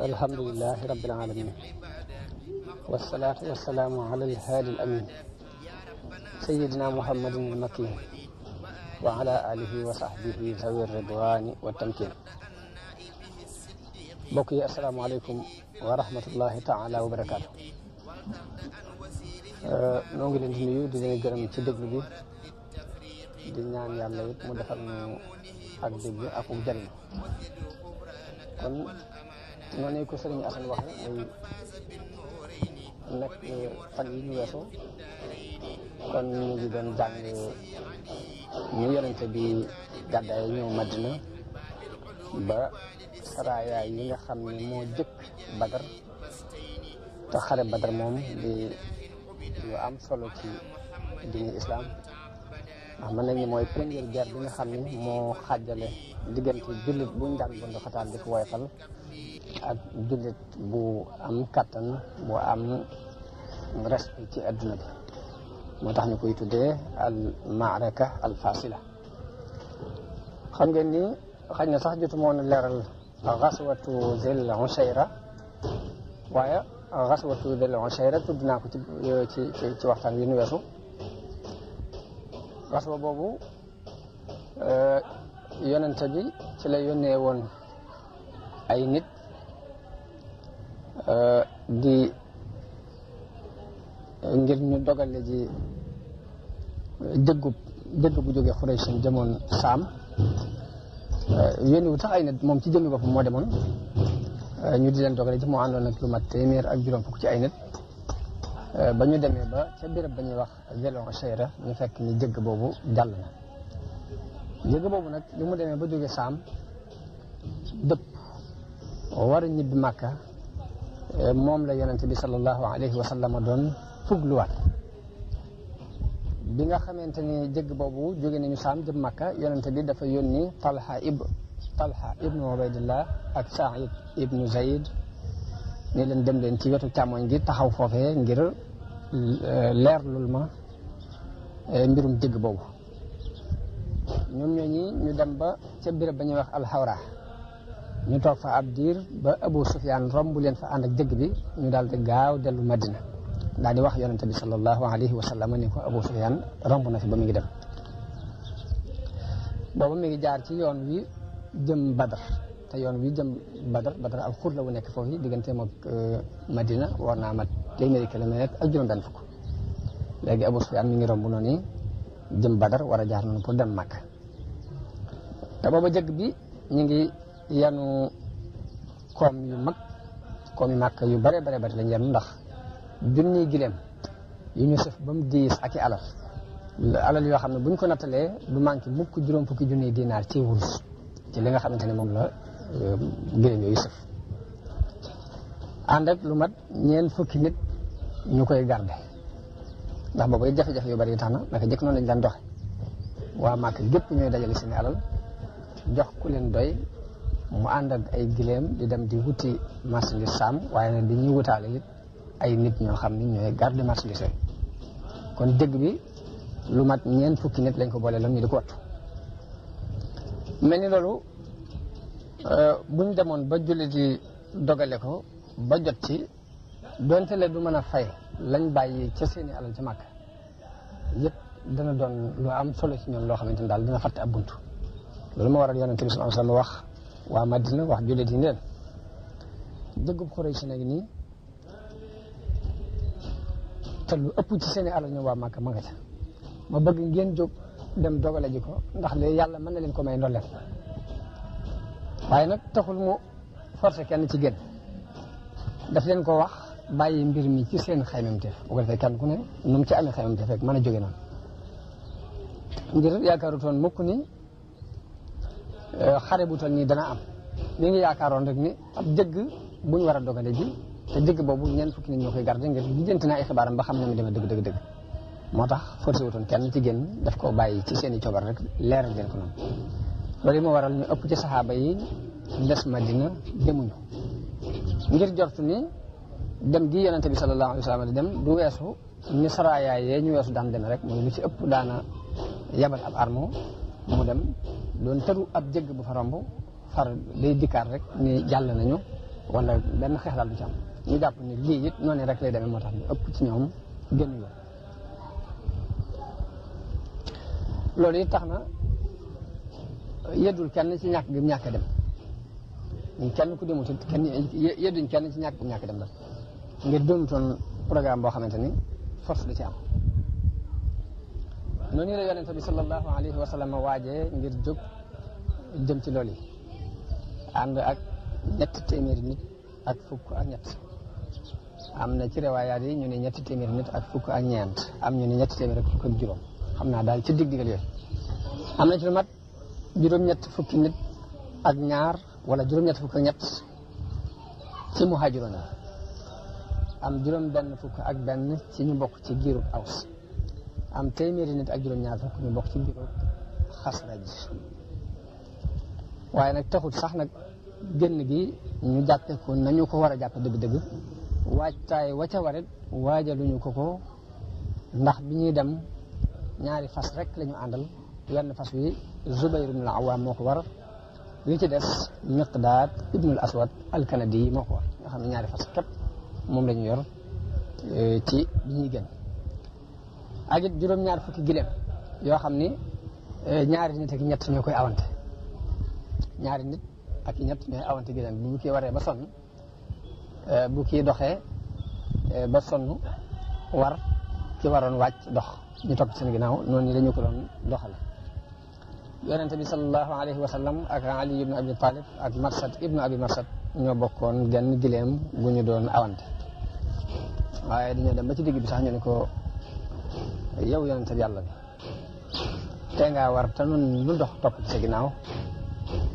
الحمد لله رب العالمين والصلاة والسلام على الهادي الأمين سيدنا محمد المكي وعلى آله وصحبه ذوي الرضوان والتمكين بقي السلام عليكم ورحمة الله تعالى وبركاته noo ngi leen di nuyu di leen gërëm بي déglu bi di ñaan yàlla yëpp mu defal ñu ak dégg noonu ko sëriñ Assane wax muy nag fan yi kon ñu ngi doon jàng ñu yonente bi gàddaay ñëw Madina ba raaya yi nga xam ne moo jëkk Badar te xare Badar moom di am solo ci diine islam ma mën nañu mooy première guerre bi nga xam ni moo xàjjale diggante jullit bu ñu daan bund xataan di ko bu am kattan bu am respect ci adduna bi moo tax ñu koy tuddee al maaraka al fasila xam ngeen ni xëy na sax jotu moon leeral xaswatu zil ushayra waaye xaswatu zil ushayra tudd naa ko ci ci ci waxtaan wi nu weesu waswa boobu eh, yonente bi ci lay yónnee woon ay nit eh, di ngir ñu dogale ji dëggub dëgg bu jógee Xuraysin demoon Saam eh, yónni wu tax ay nit moom ci jëmmi boppam moo demoon ñu di leen dogale ji moo àndoon ak lu mat ak juróom fukk ci ay nit Euh, ba ñu demee ba ca béréb ba ñuy wax zelon cheyra ñu fekk ni jëgg boobu jàll na jëgg boobu nag li mu demee ba jóge saam dëpp war a ñibbi màkka euh, moom la yonent bi sallallahu alayhi wa sallam doon fugluwaat bi nga xamante ni jëgg boobu jóge nañu saam jëm màkka yonent bi dafa yónni talha ibnu ubaydillah ak said ibnu zayd ne leen dem leen ci wetu càmmoñ gi taxaw foofee ngir euh, leerlul ma euh, mbirum digg boobu ñoom ñooñi ñu dem ba ca béréb ba ñuy wax alxawra ñu toog fa ab diir ba Abu Sufyaan romb leen fa ànd ak dëgg bi ñu daal di gaaw dellu Madina daal di wax yonente bi sallallahu alayhi wa ni ko Abu Sufyaan romb na fi ba mu ngi dem booba mi ngi jaar ci yoon wi jëm Badar te yoon wi jëm Badar Badar ak xur la wu nekk foofu ni diggante moom euh, Madina war naa mat téeméeri kilomètre ak juróom benn fukk léegi Abu Sufyaan mi ngi romb noonu nii jëm Badar war a jaar noonu pour dem Makka booba jëgg bi ñu ngi yanu koom yu mag koom yu yu bare bare bare lañ yanu ndax junniy gileem yu ñu sëf ba mu ak i alal alal yoo xam ne buñ ko nattalee du manqué mukk juróom fukki junniy dinaar ci wurus ci li nga xamante ne moom la géej Yusuf ànd ak lu mat ñeent fukki nit ñu koy garde ndax boobu ay jafe-jafe yu bari yi tax na naka jëkk noonu lañ daan doxe waa Màkka gépp ñooy dajale seen alal jox ku leen doy mu ànd ak ay gileem di dem di wuti marchandise saam waaye nag di ñuy wutaale it ay nit ñoo xam ni ñooy garde marchandise kon dëgg bi lu mat ñeent fukki nit lañ ko boole lam ñu di ko wattu mel ni loolu Euh, bu ñu demoon ba jullit yi dogale ko ba jot ci donte le du mën a fay lañ bàyyi ca seeni alal ca màkk yëpp dana doon lu am solo ci ñoom loo xamante ni daal dina fàtte ab buntu loolu moo waral yonente bi sallallahu alayhi wasallam wax waa Madina wax jullit yi neen dëggub Quraysh nag nii te lu ëpp ci seeni alal ñoom waa màkk ma nga ca ma bëgg ngeen jóg dem dogale ji ko ndax le yàlla mën na leen ko may ndolleen waaye nag taxul mu forcé kenn ci génn daf leen ko wax bàyyi mbir mi ci seen xaymamteef bu ko defee kenn ku ne nu mu ci amee xaymamteef rek mën a jóge noonu ngir yaakaarutoon mukk ni eh, xare bu toll nii dana am mi ngi yaakaaroon rek ni ab jëgg bu ñu war a ji te jëgg boobu ñeent fukki nit ñoo koy garde ngir lijjanti naa ay xibaaram ba xam ne mu demee dëgg dëgg dëgg moo tax forcé wutoon kenn ci génn daf koo bàyyi ci seeni i coobar rek leeral leen ko noonu loolu moo waral ñu ëpp ci saxaaba yi des Madina demuñu ngir jortu ni dem gi yonente bi sallallahu alayhi wa sallam di dem du weesu ni saraayaay yee ñu weesu daan demee rek mooy lu ci ëpp daana yabal ab armo mu dem doon tëru ab jëgg bu fa far day dikkaat rek ni jàll nañu wala benn xeex daal du ci ñu jàpp ni lii it noonu rek lay demee moo tax ñu ëpp ci ñoom génn yoon loolu it tax na yeddul kenn ci ñàkk gi ñàkk dem kenn ku demut kenn yedduñ ci ñàkk ñàkk dem la ngir doonutoon programme boo xamante ni force da ci am noonu la yonente bi sallallahu alayhi wa sallam waajee ngir jóg jëm ci loolu yi ànd ak ñetti téeméeri nit ak fukk ak ñett am na ci riwaayaat yi ñu ne ñetti téeméeri nit ak fukk ak ñeent am ñu ne ñetti téeméer ak fukk ak juróom xam naa daal ci digg-diggal yooyu am na ci lu mat juróom-ñett fukki nit ak ñaar wala juróom-ñett fukk ak ñett ci mu yi am juróom-benn fukk ak benn ci ñu bokk ci giirub aws am téeméeri nit ak juróom-ñaar fukk ñu bokk ci giirub xasraj waaye nag taxut sax nag génn gi ñu jàppe ko nañu ko war a jàppe dëgg-dëgg waajtaay wa ca warit waajaluñu ko ko ndax bi ñuy dem ñaari fas rek la ñu àndal wenn fas wi Zubayr ibn al-Awwam moo ko war li ci des miqdaad ibnul aswad alkanadi yi moo ko wax nga xam ne ñaari fas képp moom la yor e, ci bi ñuy génn ak it juróom-ñaar fukki gileem yoo xam ni e, ñaari nit ak ñett ñoo koy awante ñaari nit ak ñett ñooy awante gileem bu kii waree ba sonn e, bu kii doxee ba sonn war ki waroon wàcc dox ñu topp seen ginnaaw noonu la ñu ko doon doxale yonente bi sallallahu alayhi wa sallam ak ali ibn abi talib ak marsad ibn abi marsad ño bokkon genn gileem gu ñu doon awante waye dañu dem ba ci digg bi sax ñu ko yow yonente bi yalla te nga war te nun nu dox top ci ginaaw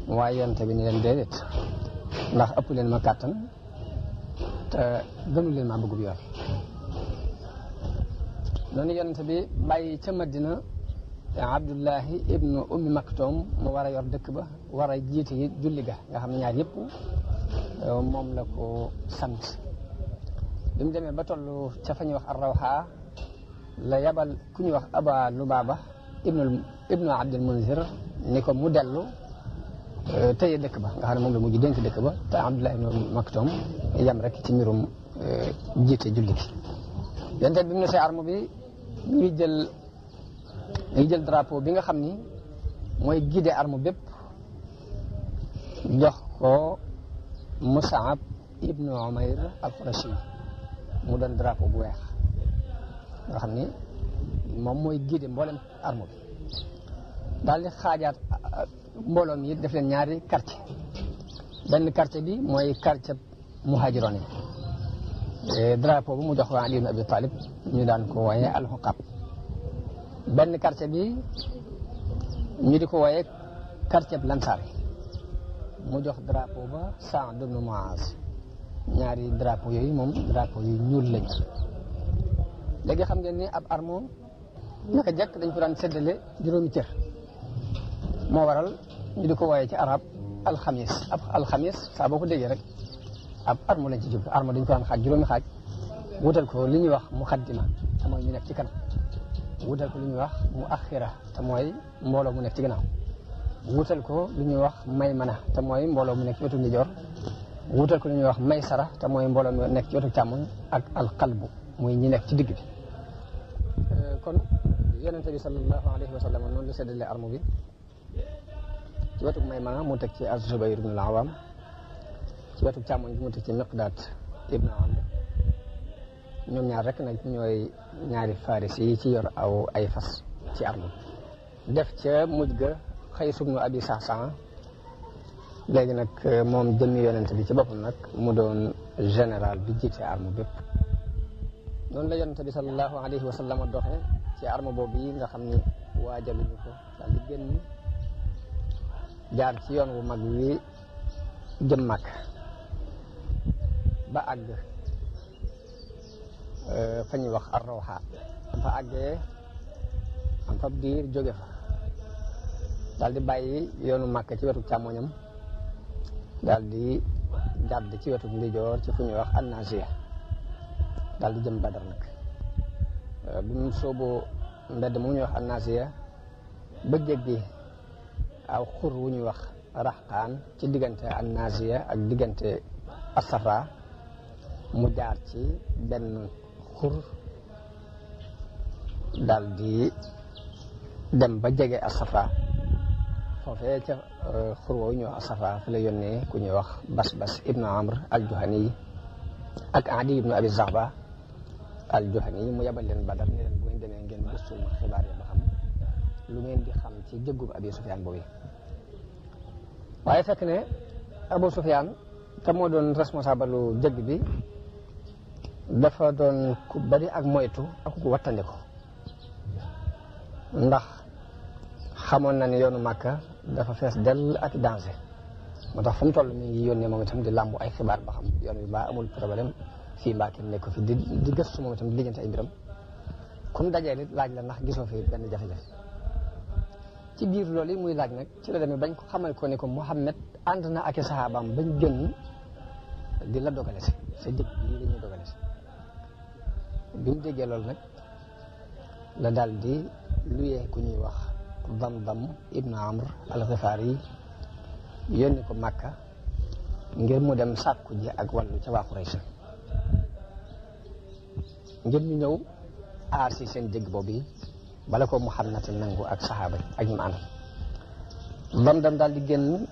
waye waaye yonente bi ni len déedéet ndax ëpp leen ma kàttan te gënu leen maa bi yoon noonu yonente bi bàyyi ca madina abdullahi ibnu ummi maktoom mu war a yor dëkk ba war a jiite yi julli ga nga xam ne ñaar yëpp moom la ko sant bi mu ba toll ca fa ñuy wax arrawxa la yabal ku wax aba lubaaba ibn ibnu abdul munzir ni ko mu dellu teye dëkk ba nga xam ne moom la mujj dénk dëkk ba te abdullahi ibnu ummi yam rek ci mbirum jiite julli bi mu ne si arme bi ñu jël dañuy jël drapeau bi nga xam ni mooy guider arme bépp jox ko Mus'ab ibnu Umayr al-Qurashi mu doon drapeau bu weex nga xam ni moom mooy guider mboolem arme bi daal di xaajaat mbooloo mi def leen ñaari quartier benn quartier bi mooy quartier mu yi eh, drapeau bi mu jox waa Ali ibn Abi Talib ñu daan ko waaye al bann quartier bi ñu di ko wooyee quartier Lansar mu jox drapeau ba Saad ibn Muaz ñaari drapeau yooyu moom drapeau yu ñuul lañ léegi xam ngeen ni ab armo naka jekk dañ ko daan séddale juróomi cër moo waral ñu di ko wooyee ci arab alxamis ab alxamis saa boo ko déggee rek ab armo lañ ci jublu armo dañ ko daan xaaj juróomi xaaj wutal ko li ñuy wax muqaddima amoo ñu nekk ci kan wutal ko lu ñuy wax mu axira te mooy mbooloo mu nekk ci gannaaw wutal ko lu ñuy wax may mana te mooy mbooloo mu nekk ci wetu ndijoor wutal ko lu ñuy wax may sara te mooy mbooloo mu nekk ci wetu càmmoñ ak alqalbu muy ñi nekk ci digg bi euh, kon yonente bi sallallahu alayhi wa sallam noonu la seddale arme bi ci wetu may mana mu teg ci az-Zubayr ibn al-Awam ci wetu càmmoñ bi mu ci miqdaat ibn ñoom ñaar rek nag ñooy ñaari faris yi ci yor aw ay fas ci arme def ca muj ga xëy sub nu abi saxsan léegi nag euh, moom jëmmi yonent bi ci boppam nag mu doon général bi ci jiite arme bépp noonu la yonent bi sallallahu alayhi wa sallam doxe ci arme boobu yi nga xam ni waajaluñu ko daal di génn jaar ci yoon wu mag wi jëm mag ba àgg Eh, fa wax arroha am fa àggee am fa biir jóge fa daal di bàyyi yoonu màkk ci wetu càmmoñam daal di jàdd ci wetu ndijoor ci fu ñuy wax annasia daal di jëm badar nag eh, bu mu mbedd mu wax aw xur wu wax ci ak mu jaar ci benn kur dal di dem ba jégué asafa fofé ya ca eh, xurwo ñu asafa fi la yonne ku ñu wax bas bas ibnu amr al juhani ak adi ibnu abi zahba al juhani mu yabal leen badar ne len bu ngeen demee ngeen gëstu xibaar ya ba xam lu ngeen di xam ci jëggub abi sufyan bo wi waye fekk ne abu sufyan ta mo doon responsable lu jëgg bi dafa doon ku bari ak moytu ak ku wattandiku ndax xamoon na ni yoonu màkka dafa fees dell ak danger moo tax fu mu toll mi ngi yónnee moom itam di làmbu ay xibaar ba xam yoon bi baa amul problème fii mbaakin nekk ko fi di di gëstu moom itam di liggante ay mbiram comme dajee laaj la ndax gisoo fi benn jafe-jafe ci biir loolu yi muy laaj nag ci la demee bañ ko xamal ko ne ko Muhammad ànd na ak i saxaabaam bañ génn di la dogale si sa jëkk lii la ñuy si bi mu déggee nag la daal di luyee ku ñuy wax dam-dam ibnu amr alxifaar yi yónni ko màkka ngir mu dem sàkku ji ak wàllu ca waa Quraysh ngir ñu ñëw aar si seen dégg boobu yi bala ko Muhammad nangu ak saxaaba yi ak ñu ànd dam-dam daal di génn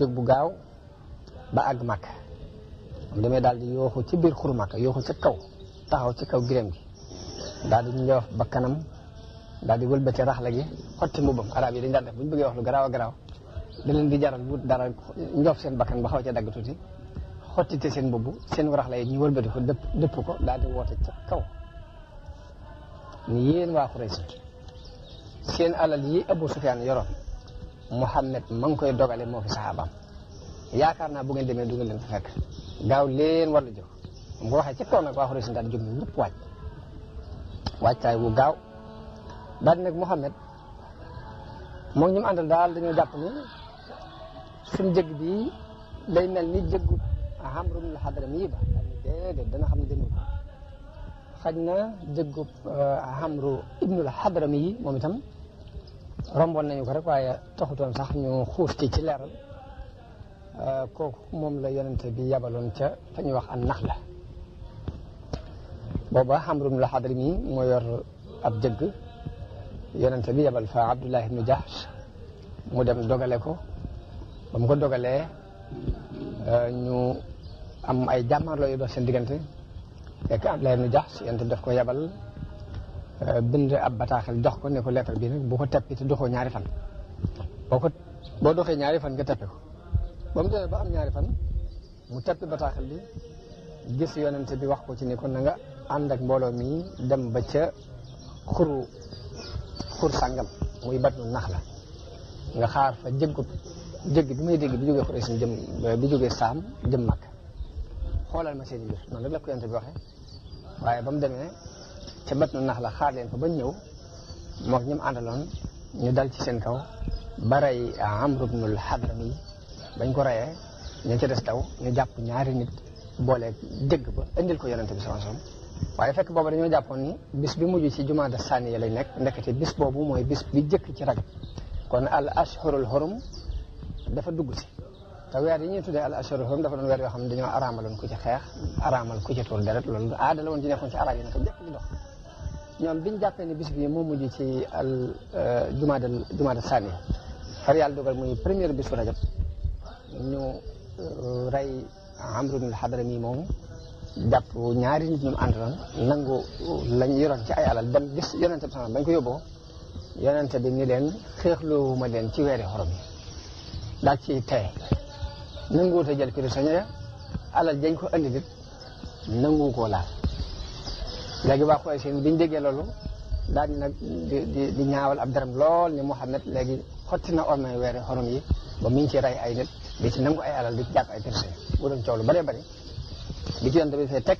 jóg gaaw ba àgg màkka demee daal di yooxu ci biir xuru màkka yooxu ca kaw taxaw ci kaw giram gi daal di njoof ba kanam daal di wëlbati raxla gi xotti mbubbam arab yi dañ daan de bu ñu bëggee wax lu garaaw garaaw da leen di jaral bu dara njoof seen bakkan ba xaw a ca dagg tuuti xottite seen mbubb seen raxla gi ñu wëlbati ko dëpp dëpp ko daal di woote ca kaw ni yéen waa Quraysh seen alal yi Abu Sufyaan yoroon Muhammad ma ngi koy dogale moo fi saxaabaam yaakaar naa bu ngeen demee du ngeen leen fa fekk gaaw leen war la mu waxee ci kaw nag waa Quraysh daal jóg ñëpp wàcc wàccaay wu gaaw daal di nag Muhammad moom ñu mu àndal daal dañoo jàpp ni suñu jëgg bi day mel ni jëggu Amru ibn al xaj na jëggu uh, Amru ibn al moom itam romboon nañu ko rek waaye taxutoon sax ñu xuus ci ci leeral uh, kooku moom la yonente bi yabaloon ca fa ñu wax an nax la booba Amru bnu Xadri mi moo yor ab jëgg yonente bi yebal fa Abdullah ibnu Jahsh mu dem dogale ko ba mu ko dogale euh, ñu am ay jàmmarloo yu dox seen diggante fekk Abdullah ibnu Jahsh yonente bi daf ko yabal euh, bind ab bataaxal jox ko ne ko lettre bi nag bu ko teppi te doxoo ñaari fan boo ko ñaari fan nga teppi ko ba mu doxee am ñaari fan mu teppi bataaxal bi gis yonent bi wax ko ci ne ko na nga ànd ak mbooloo mi dem ba ca xuru xur sàngam muy batnu nax la nga xaar fa jëggu jëgg bi muy dégg bi jógee xuree sin jëm bi jógee saam jëm mag xoolal ma seen mbir noonu rek la ko yonent bi waxe waaye ba mu demee ca batnu nax la xaar leen fa ba ñëw mook ñi mu ñu dal ci seen kaw ba rey Amr ibnul Hadrami bañ ko reyee ña ca des taw ñu jàpp ñaari nit booleeg dégg ba indil ko yonente bi sallallahu alayhi wasallam waaye fekk booba dañoo jàppoon ni bis bi mujj ci jumaada sànniya lay nekk ndekete bis boobu mooy bis bi jëkk ci rajab kon al ashhurul hurum dafa dugg si te weer yi ñuy tuddee al ashhurul hurum dafa doon weer yoo xam ne dañoo araamaloon ku ci xeex araamal ku ci tuur deret loolu aada la woon ci nekkoon ci arab yi ñoom biñ jàppee bis bi moo mujj ci al jumaada euh, jumaada sànniya far yàlla dugal muy première bisu rajab ñu euh, rey Amru bnul Hadrami moom jàpp ñaari nit ñu àndoon nangu lañ yoroon ci ay alal dem gis yonente bi sama bañ ko yóbboo yonente bi ni leen xeexloowuma leen ci weeri xorom yi daal ci tey nanguwut a jël prisonnier ya alal dañ ko andi nit nangu koo laal léegi waa Quraysh biñ déggee loolu daal di nag di di ñaawal ab daram lool ni Muhammad léegi xotti na ormay weeri xorom yi ba mi ngi ci rey ay nit di ci nangu ay alal di ci jàpp ay personnes mu doon coow lu bëree bëri di ci yonte bi fee teg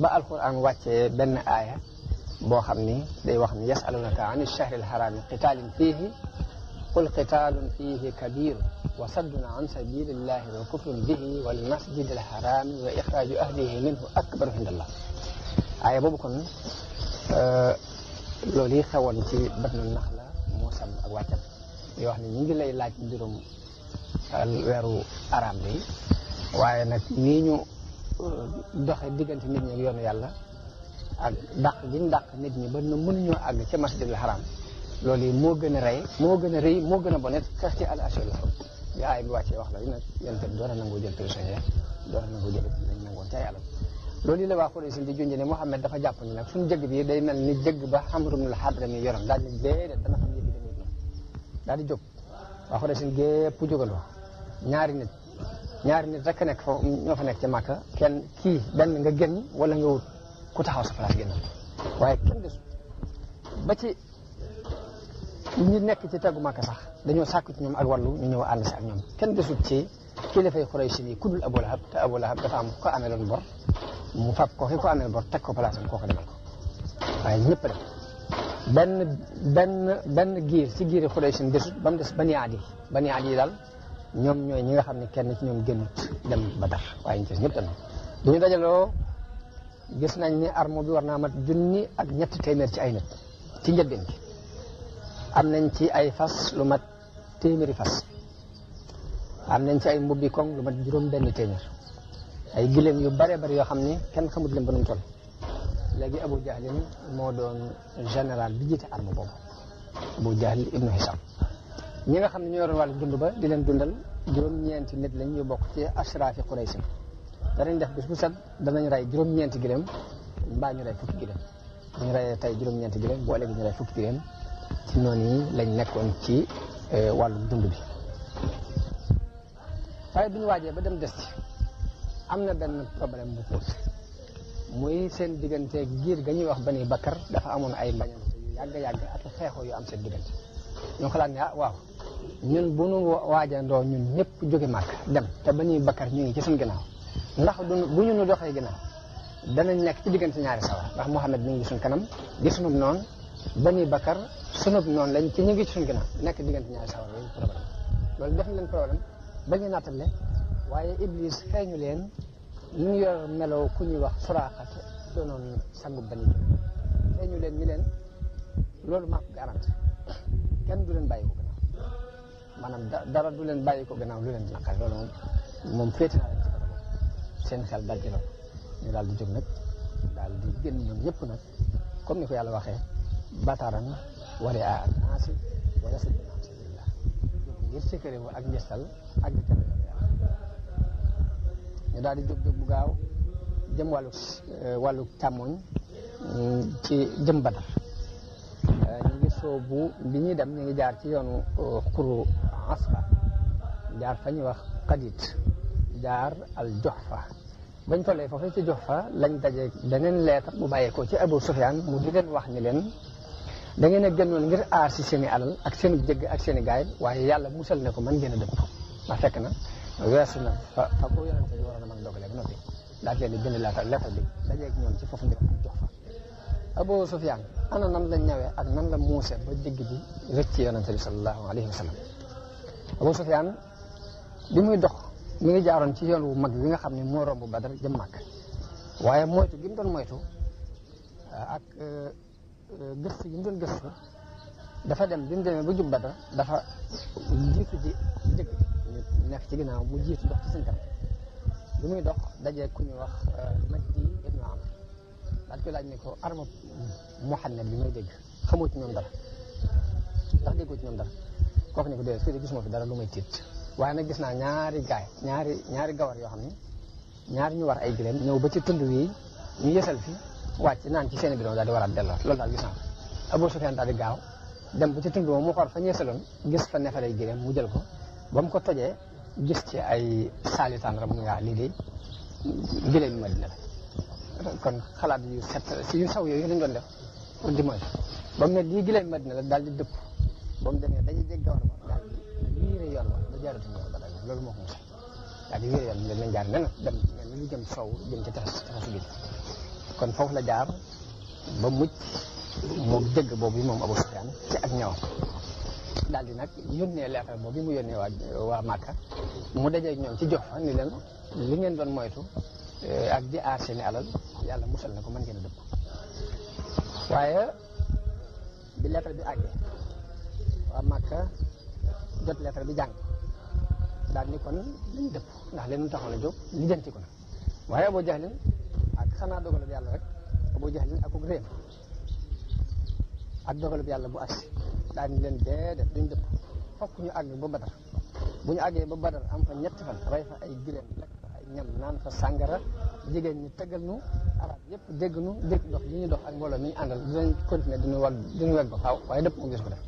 ba alquran wàccee benn aaya boo xam ni day wax ni yasalunaka an ilchahri alharami qitaalin fiihi qul qitaalun fiihi kabir wa saddun an sabilillahi wa kufrun bihi wal masjid alharami wa ixraaju ahlihi minhu akbaru indallah aaya boobu kon loolu yi xewoon ci bat na nax la moo sam ak wàccam yoo xam ne ñu ngi lay laaj mbirum euh, weeru araam bi waaye nag nii ñu euh, doxe diggante nit ñi ak yoonu yàlla ak dàq gi ñu dàq nit ñi ba na mënuñoo àgg ca masjidil haram loolu yi moo gën a rey moo gën a rëy moo gën a bonet kas ci al ashur bi aay bi wàccee wax la yi nag yéen itam na nangoo jël prisonnier doon na nangoo jël nañ nangoon ca yàlla loolu yi la waa Quraysh di junj ne Muhammad dafa jàpp ni nag suñu jëgg bi day mel ni jëgg ba Amru ibn al-Hadrami yoroon daal ni daal jog jóg waa Xurayshin gépp jógandoo ñaari nit ñaari nit rek nekk fa ñoo fa nekk ci Màkka kenn kii benn nga génn wala nga wut ku taxaw sa place génn waaye kenn desu ba ci ñi nekk ci tegu Màkka sax dañoo sàkku ci ñoom ak wàllu ñu ñëw ànd si ak ñoom kenn desul ci kilifay Xurayshin yi ku dul Abu Lahab te Abu Lahab dafa am ko ameeloon bor mu fab ko fi ko amee bor teg ko place am kooku demal ko waaye ñëpp rek benn benn benn giir si giiri Xuraysh si desut ba mu des Bani Adi Bani Adi daal ñoom ñooy ñi nga xam ne kenn ci ñoom gënut dem ba tax waaye ñu ci ñëpp tamit bi ñu dajaloo gis nañ ni arme bi war naa mat junni ak ñetti téeméer ci ay nit ci njëlbeen bi am nañ ci ay fas lu mat téeméeri fas am nañ ci ay mbubbi koŋ lu mat juróom benn téeméer ay giléem yu bare bari yoo xam ne kenn xamut leen ba nu mu léegi Abu Jahlin moo doon général bi jiite arme boobu Abu Jahl ibnu Hisam ñi nga xam ne ñoo yoroon wàllu dund ba di leen dundal juróom-ñeenti nit lañ ñu bokk ci ashraafi Quraysh danañ def bis bu set danañ rey juróom-ñeenti gileem mbaa ñu rey fukki gileem bu ñu reyee tey juróom-ñeenti gileem bu ëllëgee ñu rey fukki gileem ci noonu yi lañ nekkoon ci euh, wàllu dund bi waaye bi ñu waajee ba dem des am na benn problème bu pose muy seen diggante giir ga ñuy wax bani bakkar dafa amoon ay mbañante yu yàgg yàgg ak xeexoo yu am seen diggante ñu xalaat ne ah waaw ñun bu nu waajandoo ñun ñëpp jóge màkk dem te bani bakkar ñu ngi ci suñ ginnaaw ndax du bu ñu nu doxee ginnaaw danañ nekk diggante ñaari sawar ndax Muhammad mi ngi suñ kanam di sunub noonu bani bakkar sunub noonu lañ ci ñu ci suñ ginnaaw nekk diggante ñaari sawar loolu problème loolu def na leen waaye Iblis xeeñu ñu yor meloo ku ñuy wax suraaxate doonoon sangu bani te leen loolu maa ko garanti kenn du leen bàyyi ko gannaaw maanaam dara du leen bàyyi ko gannaaw lu leen di naqari loolu moom moom naa leen ci ko seen xel dal ci ñu daal di jóg nag daal di génn ñoom ñëpp nag comme ni ko yàlla waxee bataaran wari a naasi wala sëñ bi naam ngir sékkaréwu ak njëstal ak di teel yàlla ñu daal di jóg bu gaaw jëm wàllu euh, wàllu càmmoñ euh, ci jëm Badar euh, ñu ngi soobu bi ñuy dem ñu ngi jaar ci yoonu xuru asfa jaar fa ñuy wax xadit jaar al joxfa bañ tollee foofu ci joxfa lañ daje beneen leetar bu bàyyeekoo ci Abu Sufyaan mu di leen wax ñi leen da ngeen a génnoon ngir aar si seen alal ak seen jëgg ak seen i waaye yàlla musal ne ko man ngeen a dëpp ndax fekk na weesu na fa ah, fa ah, ko yonente bi waroon a mën dogalee ba noppi daal di leen di bind laata lettre bi dajeeg ñoom ci foofu njëkk jox fa. Abu Sufyaan ana nan la ñawee ak nan la muuse ba digg bi rëcc yonente bi sallallahu alayhi wa sallam Abu Sufyaan bi muy dox mu ngi jaaroon ci yoon wu mag wi nga xam ne moo romb Badar jëm Màkk waaye moytu gi mu doon moytu ah, ak euh, euh, gëstu gi mu doon dafa dem bi mu demee ba jub Badar dafa jiitu ji njëkk. nekk ci ginnaaw mu ji dox ci seen kanam bi muy dox ku ñu wax euh, Majdi ibnu Amr daal koy laaj ne ko arma Muhammad bi may dégg xamoo ci ñoom dara ndax déggoo ci ñoom dara kooku ne ko de gisuma fi dara lu may tiit waaye na gis naa ñaari gaay ñaari ñaari gawar yoo xam ne ñaari ñu war ay gileem ñëw ba ci tund wi ñu yësal fi wàcc naan ci seen bidon daal di waraat delloo loolu daal gis naa a Abu Sufyaan daal di gaaw dem ba ci tund moom mu xool fa ñu yësaloon gis fa neefaree gileem mu jël ko ba ko tojee gis ci ay saalitaan rek mu ngaa lii de gëléem Madina la kon xalaat yu set si yu saw yooyu lañ doon def pour di moytu ba mu ne ma gëléem Madina la daal di dëpp ba mu demee ay jégg gawar ba daal loolu moo ko mos daal di wiire yoon dañ leen jaar nen dem mel ni jëm sow jëm ci tefes tefesu géej kon foofu la jaar ba mucc moom dëgg boobu moom Abu Sufyaan ci ak ñawam daal di nag yónnee leetar bi mu yónnee waa waa Màkka mu dajeeg ñoom ci jox fa ni leen li ngeen doon moytu eh, ak di aar seeni alal yàlla musal na ko mën ngeen a dëpp waaye bi leetar bi àggee waa Màkka jot leetar bi jàng daal ni kon ndax leen taxoon a jóg lijjanti ko na waaye Abu Jahlin ak xanaa dogalub yàlla rek Abu Jahlin ak réem ak dogalub yàlla bu agsi daañu leen déedéet duñ dëpp fokk ñu àgg ba badar bu ñu àggee ba badar am fa ñetti fan rey fa ay giléem lekk fa ay ñam naan fa sàngara jigéen ñi tëggal nu arab yëpp dégg nu dégg dox yi ñu dox ak mbooloo mi ñu àndal dinañ continuer duñu wàll duñu wegg ba waaye dëpp moom gis ko def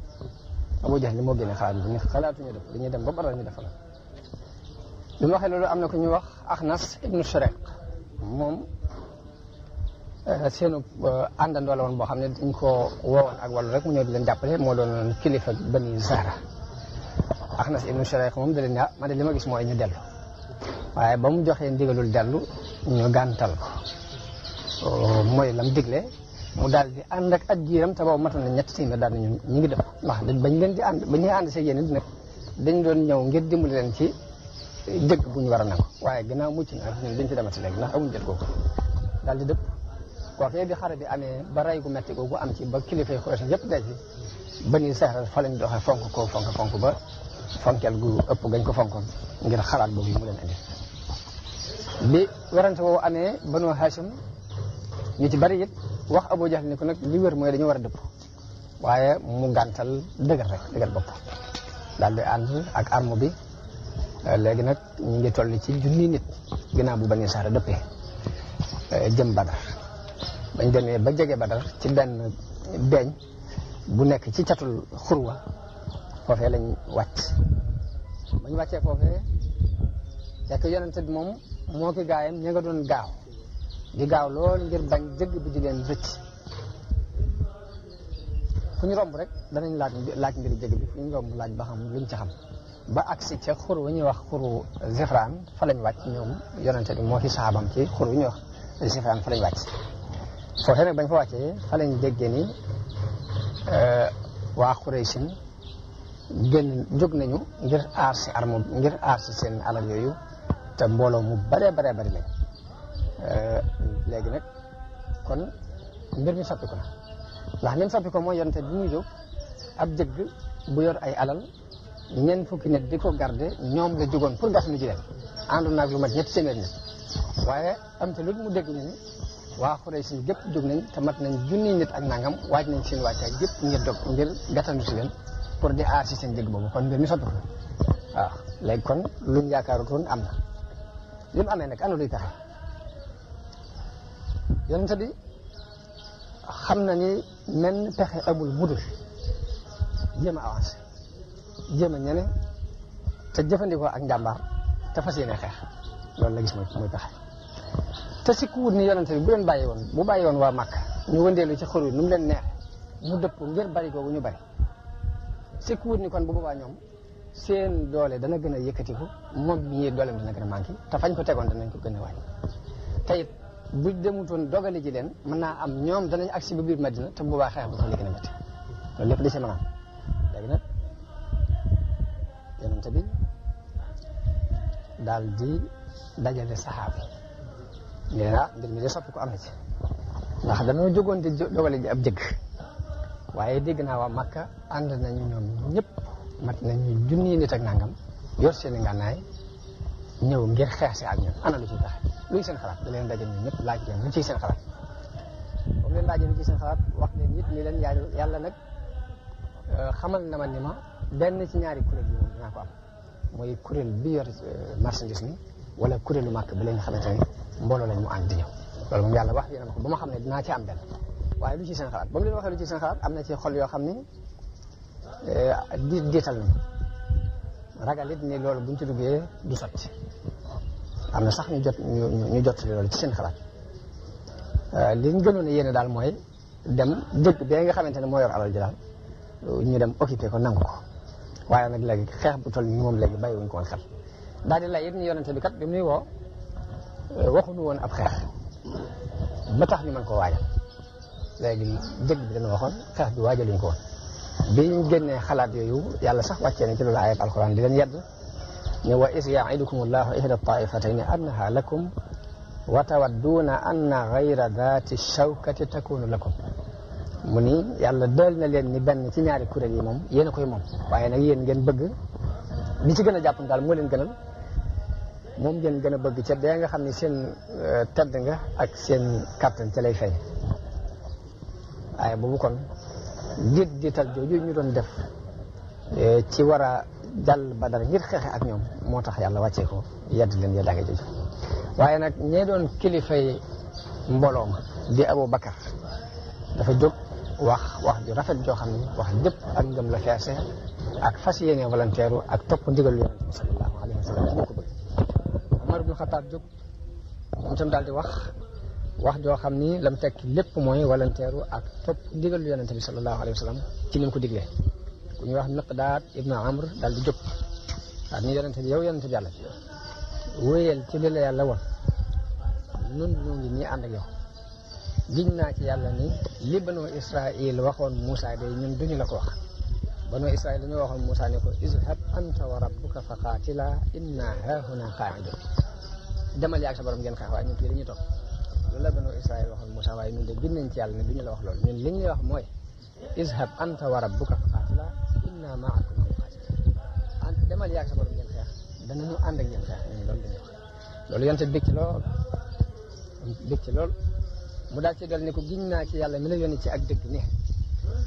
Abu Jahl li moo génne xalaat bi ñu xalaatuñu def dañuy dem ba badar ñu def la bi mu waxee am na ku ñu wax Axnas ibnu Shurayq moom Eh, seenu eh, àndandoo woon boo xam ne dañ koo wowoon ak wàllu rek mu ñëw di leen jàppale moo doon kilifa bani Zara Axnas ibnu Shurayx moom da leen ah man de li ma gis mooy ñu dellu waaye ba mu joxee ndigalul dellu ñu gàntal ko oh, mooy lam digle mu daal di ànd ak at jiiram te boobu matoon na ñetti téeméer daal ñu ngi def ndax bañ leen di ànd ba ñuy ànd see yéen nag dañ doon ñëw ngir dimbali leen ci jëgg bu ñu war a nangu waaye gannaaw mucc na ak ñun dañ ci demati léegi ndax amuñ jël kooku daal di dëpp foofee bi xara bi amé ba ray gu metti gogu am ci ba kilifa xoosi yëpp daje ba ni seexal fa lañ doxé fonk ko fonk fonk ba fonkel gu ëpp gañ ko fonkoon ngir xalaat bo mu leen andi bi werante woowu amé banu hashim ñu ci bari yit wax abou Jahl ni ko nak li wër moy dañu wara depp dëpp waaye mu gantal deugal rek deugal bop dal di and ak armo bi léegi nak ñu ngi toll ci jooni nit ginnaaw bu bani saara dëppee jëm Badar bañ demee ba jege Badar ci benn beñ bu nekk ci catul xurwa foofee lañ wàcc bañ wàccee foofee fekk yonente bi moom moo ki gaayam ña nga doon gaaw di gaaw lool ngir bañ jëgg bi di leen rëcc fu ñu romb rek danañ laaj laaj mbiri jëgg bi fu ñu romb laaj ba xam luñ ci xam ba agsi ca xur wu ñuy wax xuru Zifraan fa lañ wàcc ñoom yonente bi moo ki saabam ci xur wu ñuy wax Zifraan fa lañ wàcc foofee nag bañ fa wàccee fa lañ déggee ni euh, waa Xuraysin génn jóg nañu ngir aar si arme ngir aar si seen alal yooyu te mbooloo mu baree baree bari lañ euh, léegi nag kon mbir mi soppi ko na ndax li mu soppi ko mooy yonte bi muy jóg ab jëgg bu yor ay alal ñeent fukki nit di ko garde ñoom la jógoon pour gas nu ji leen àndoon naag lu mat ñetti téeméer nit waaye am te lu mu dégg ñu ni waa Xuraysh yi gépp jóg nañ te mat nañ junniy nit ak nangam waaj nañ seen wàccaay gépp ngir dog ngir gàttandu si leen pour di aar si seen dëgg boobu kon mbir mi sottu waaw kon luñ yaakaarutoon am na li mu amee nag ana luy pexe yonent bi xam na ni menn pexe amul mudul jéem a avancé jéem a ñene te jëfandikoo ak njàmbar te fas yéene xeex loolu la gis mooy mooy pexe te si ku wut ni yonante bi bu leen bàyyi woon bu bàyyi woon waa Màkka ñu wëndeelu ci xëru nu mu leen neex mu dëpp ngir bari googu ñu bari si ku wut ni kon bu boobaa ñoom seen doole dana gën a yëkkatiku moom ñii dooleem dana gën a manqué te fañ ko tegoon danañ ko gën a wàññi te it bu demutoon dogale ji leen mën naa am ñoom danañ agsi ba biir Madina te bu boobaa xeex bi sax li gën a métti loolu lépp da si mën bi daal di dajale saxaaba nee na mbir mi de soppi ko am na ci ndax dañoo jógoon di dogale ji ab jëgg waaye dégg naa waa Makka ànd nañu ñoom ñëpp mat nañu junni nit ak nangam yor seen i ngànnaay ñëw ngir xeex si ak ñun ana lu ciy tax luy seen xalaat leen daje ñëpp laaj leen lu ciy seen xalaat boobu leen laajee lu ciy seen xalaat wax leen nit ñi leen yàlla nag euh, xamal na ma ni ma benn ci ñaari kuréel yi moom dinaa ko am mooy kuréel bi euh, wala kuréelu màkk bi la nga xamante ne mbooloo lañ mu ànd di ñëw loolu moom yàlla wax yéen ma ko ba ma xam ne dinaa ci am benn waaye lu ci seen xalaat ba mu leen waxee lu ci seen yoo xam ni eh, di diital nañu ragalit ni loolu buñ ci duggee du sotti am na sax ñu jot ñu ñu jot loolu ci seen xalaat eh, li ñu gënoon a daal mooy dem dëkk bee nga xamante ne moo yor alal ji daal ñu dem occupé ko nangu ko waaye nag léegi xeex bu toll nii moom léegi bàyyiwuñ ko woon xel daal di lay it ni yonente bi kat bi mu nuy waxuñu woon ab xeex ba tax ñu mën ko waajal léegi dëgg bi dana waxoon xeex bi waajaluñ ko woon biñ génnee xalaat yooyu yàlla sax wàccee na ci loolu ayat alquran di leen yedd ne wa is yaidukum allahu ihda taifataini annaha lakum wa tawadduuna anna gayra daati shawkati takunu lakum mu ni yàlla dal na leen ni benn ci ñaari kuréel yi moom yéen koy moom waaye nag yéen ngeen bëgg li ci gën a jàpp daal moo leen gënal moom ngeen gën a bëgg ca dee nga xam ne seen euh, tedd nga ak seen kàttan ca lay feeñ waaye boobu kon diit diital jooju ñu doon def euh, ci war a jàll badar ngir xeexe ak ñoom moo tax yàlla wàccee ko yedd leen yeddaa nga jooju waaye nag ñee doon kilifay mbooloo ma di abou Bakar dafa jóg wax wax ju rafet joo xam ne wax jëpp ak ngëm la feese ak fas yéene volontaire ak topp ndigal yonent sallallahu alayhi wa sallam ko bëgg Omar ibn Khattab jóg moom itam daal di wax wax joo xam ni lam tekki lépp mooy walanteeru ak topp ndigalu yonente bi sallallahu alayhi wa ci ni mu ko diglee ku ñuy wax Miqdaad ibn Amr daal di jóg daal ni yonente bi yow yonente bi yàlla wóyeel ci li la yàlla woon nun ñu ngi nii ànd ak yow giñ naa ci yàlla ni li banu Israil waxoon Moussa day ñun duñu la ko wax banu israil dañoo waxoon Moussa ne ko izhab anta wa rabbuka fa qaatila inna haahuna qaaidun demal yaag sa borom ngeen xeex waaye ñun kii dañuy toog loolu la banu israil de bind nañ ci yàlla ne du la wax lool ñun ñu la wax mooy izhab anta wa rabbuka fa qaatila inna maakum muqaatilun ah, demal yaag sa borom ngeen loolu la ñuy wax loolu ci lool bég ci lool mu daal ci dal ne ko giñ naa ci yàlla mi la yónni ci ak dëgg ne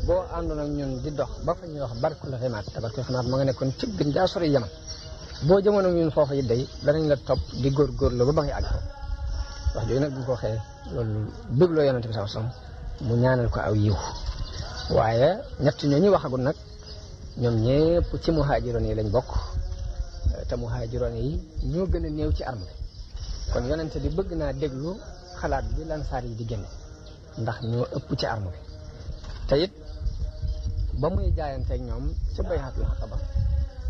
boo àndoon ak ñun di dox ba fa ñuy wax barkul ximaat te barkul ximaat ma nga nekkoon ci biir daa sori yaman boo jamono ak ñun yi it day danañ la topp di góorgóorlu ba ba nga àgg foofu nag bu ñu ko waxee loolu bégloo yonente bi sax sax mu ñaanal ko aw yiw waaye ñett ñooñu waxagul nag ñoom ñëpp ci muhaajiroon yi lañ bokk te muhaajiroon yi ñoo gën a néew ci arme kon yonente bi bëgg naa déglu xalaat bi lansaar yi di génne ndax ñoo ëpp ci arme bi te ba muy jaayanteeg ñoom ca bayaatul la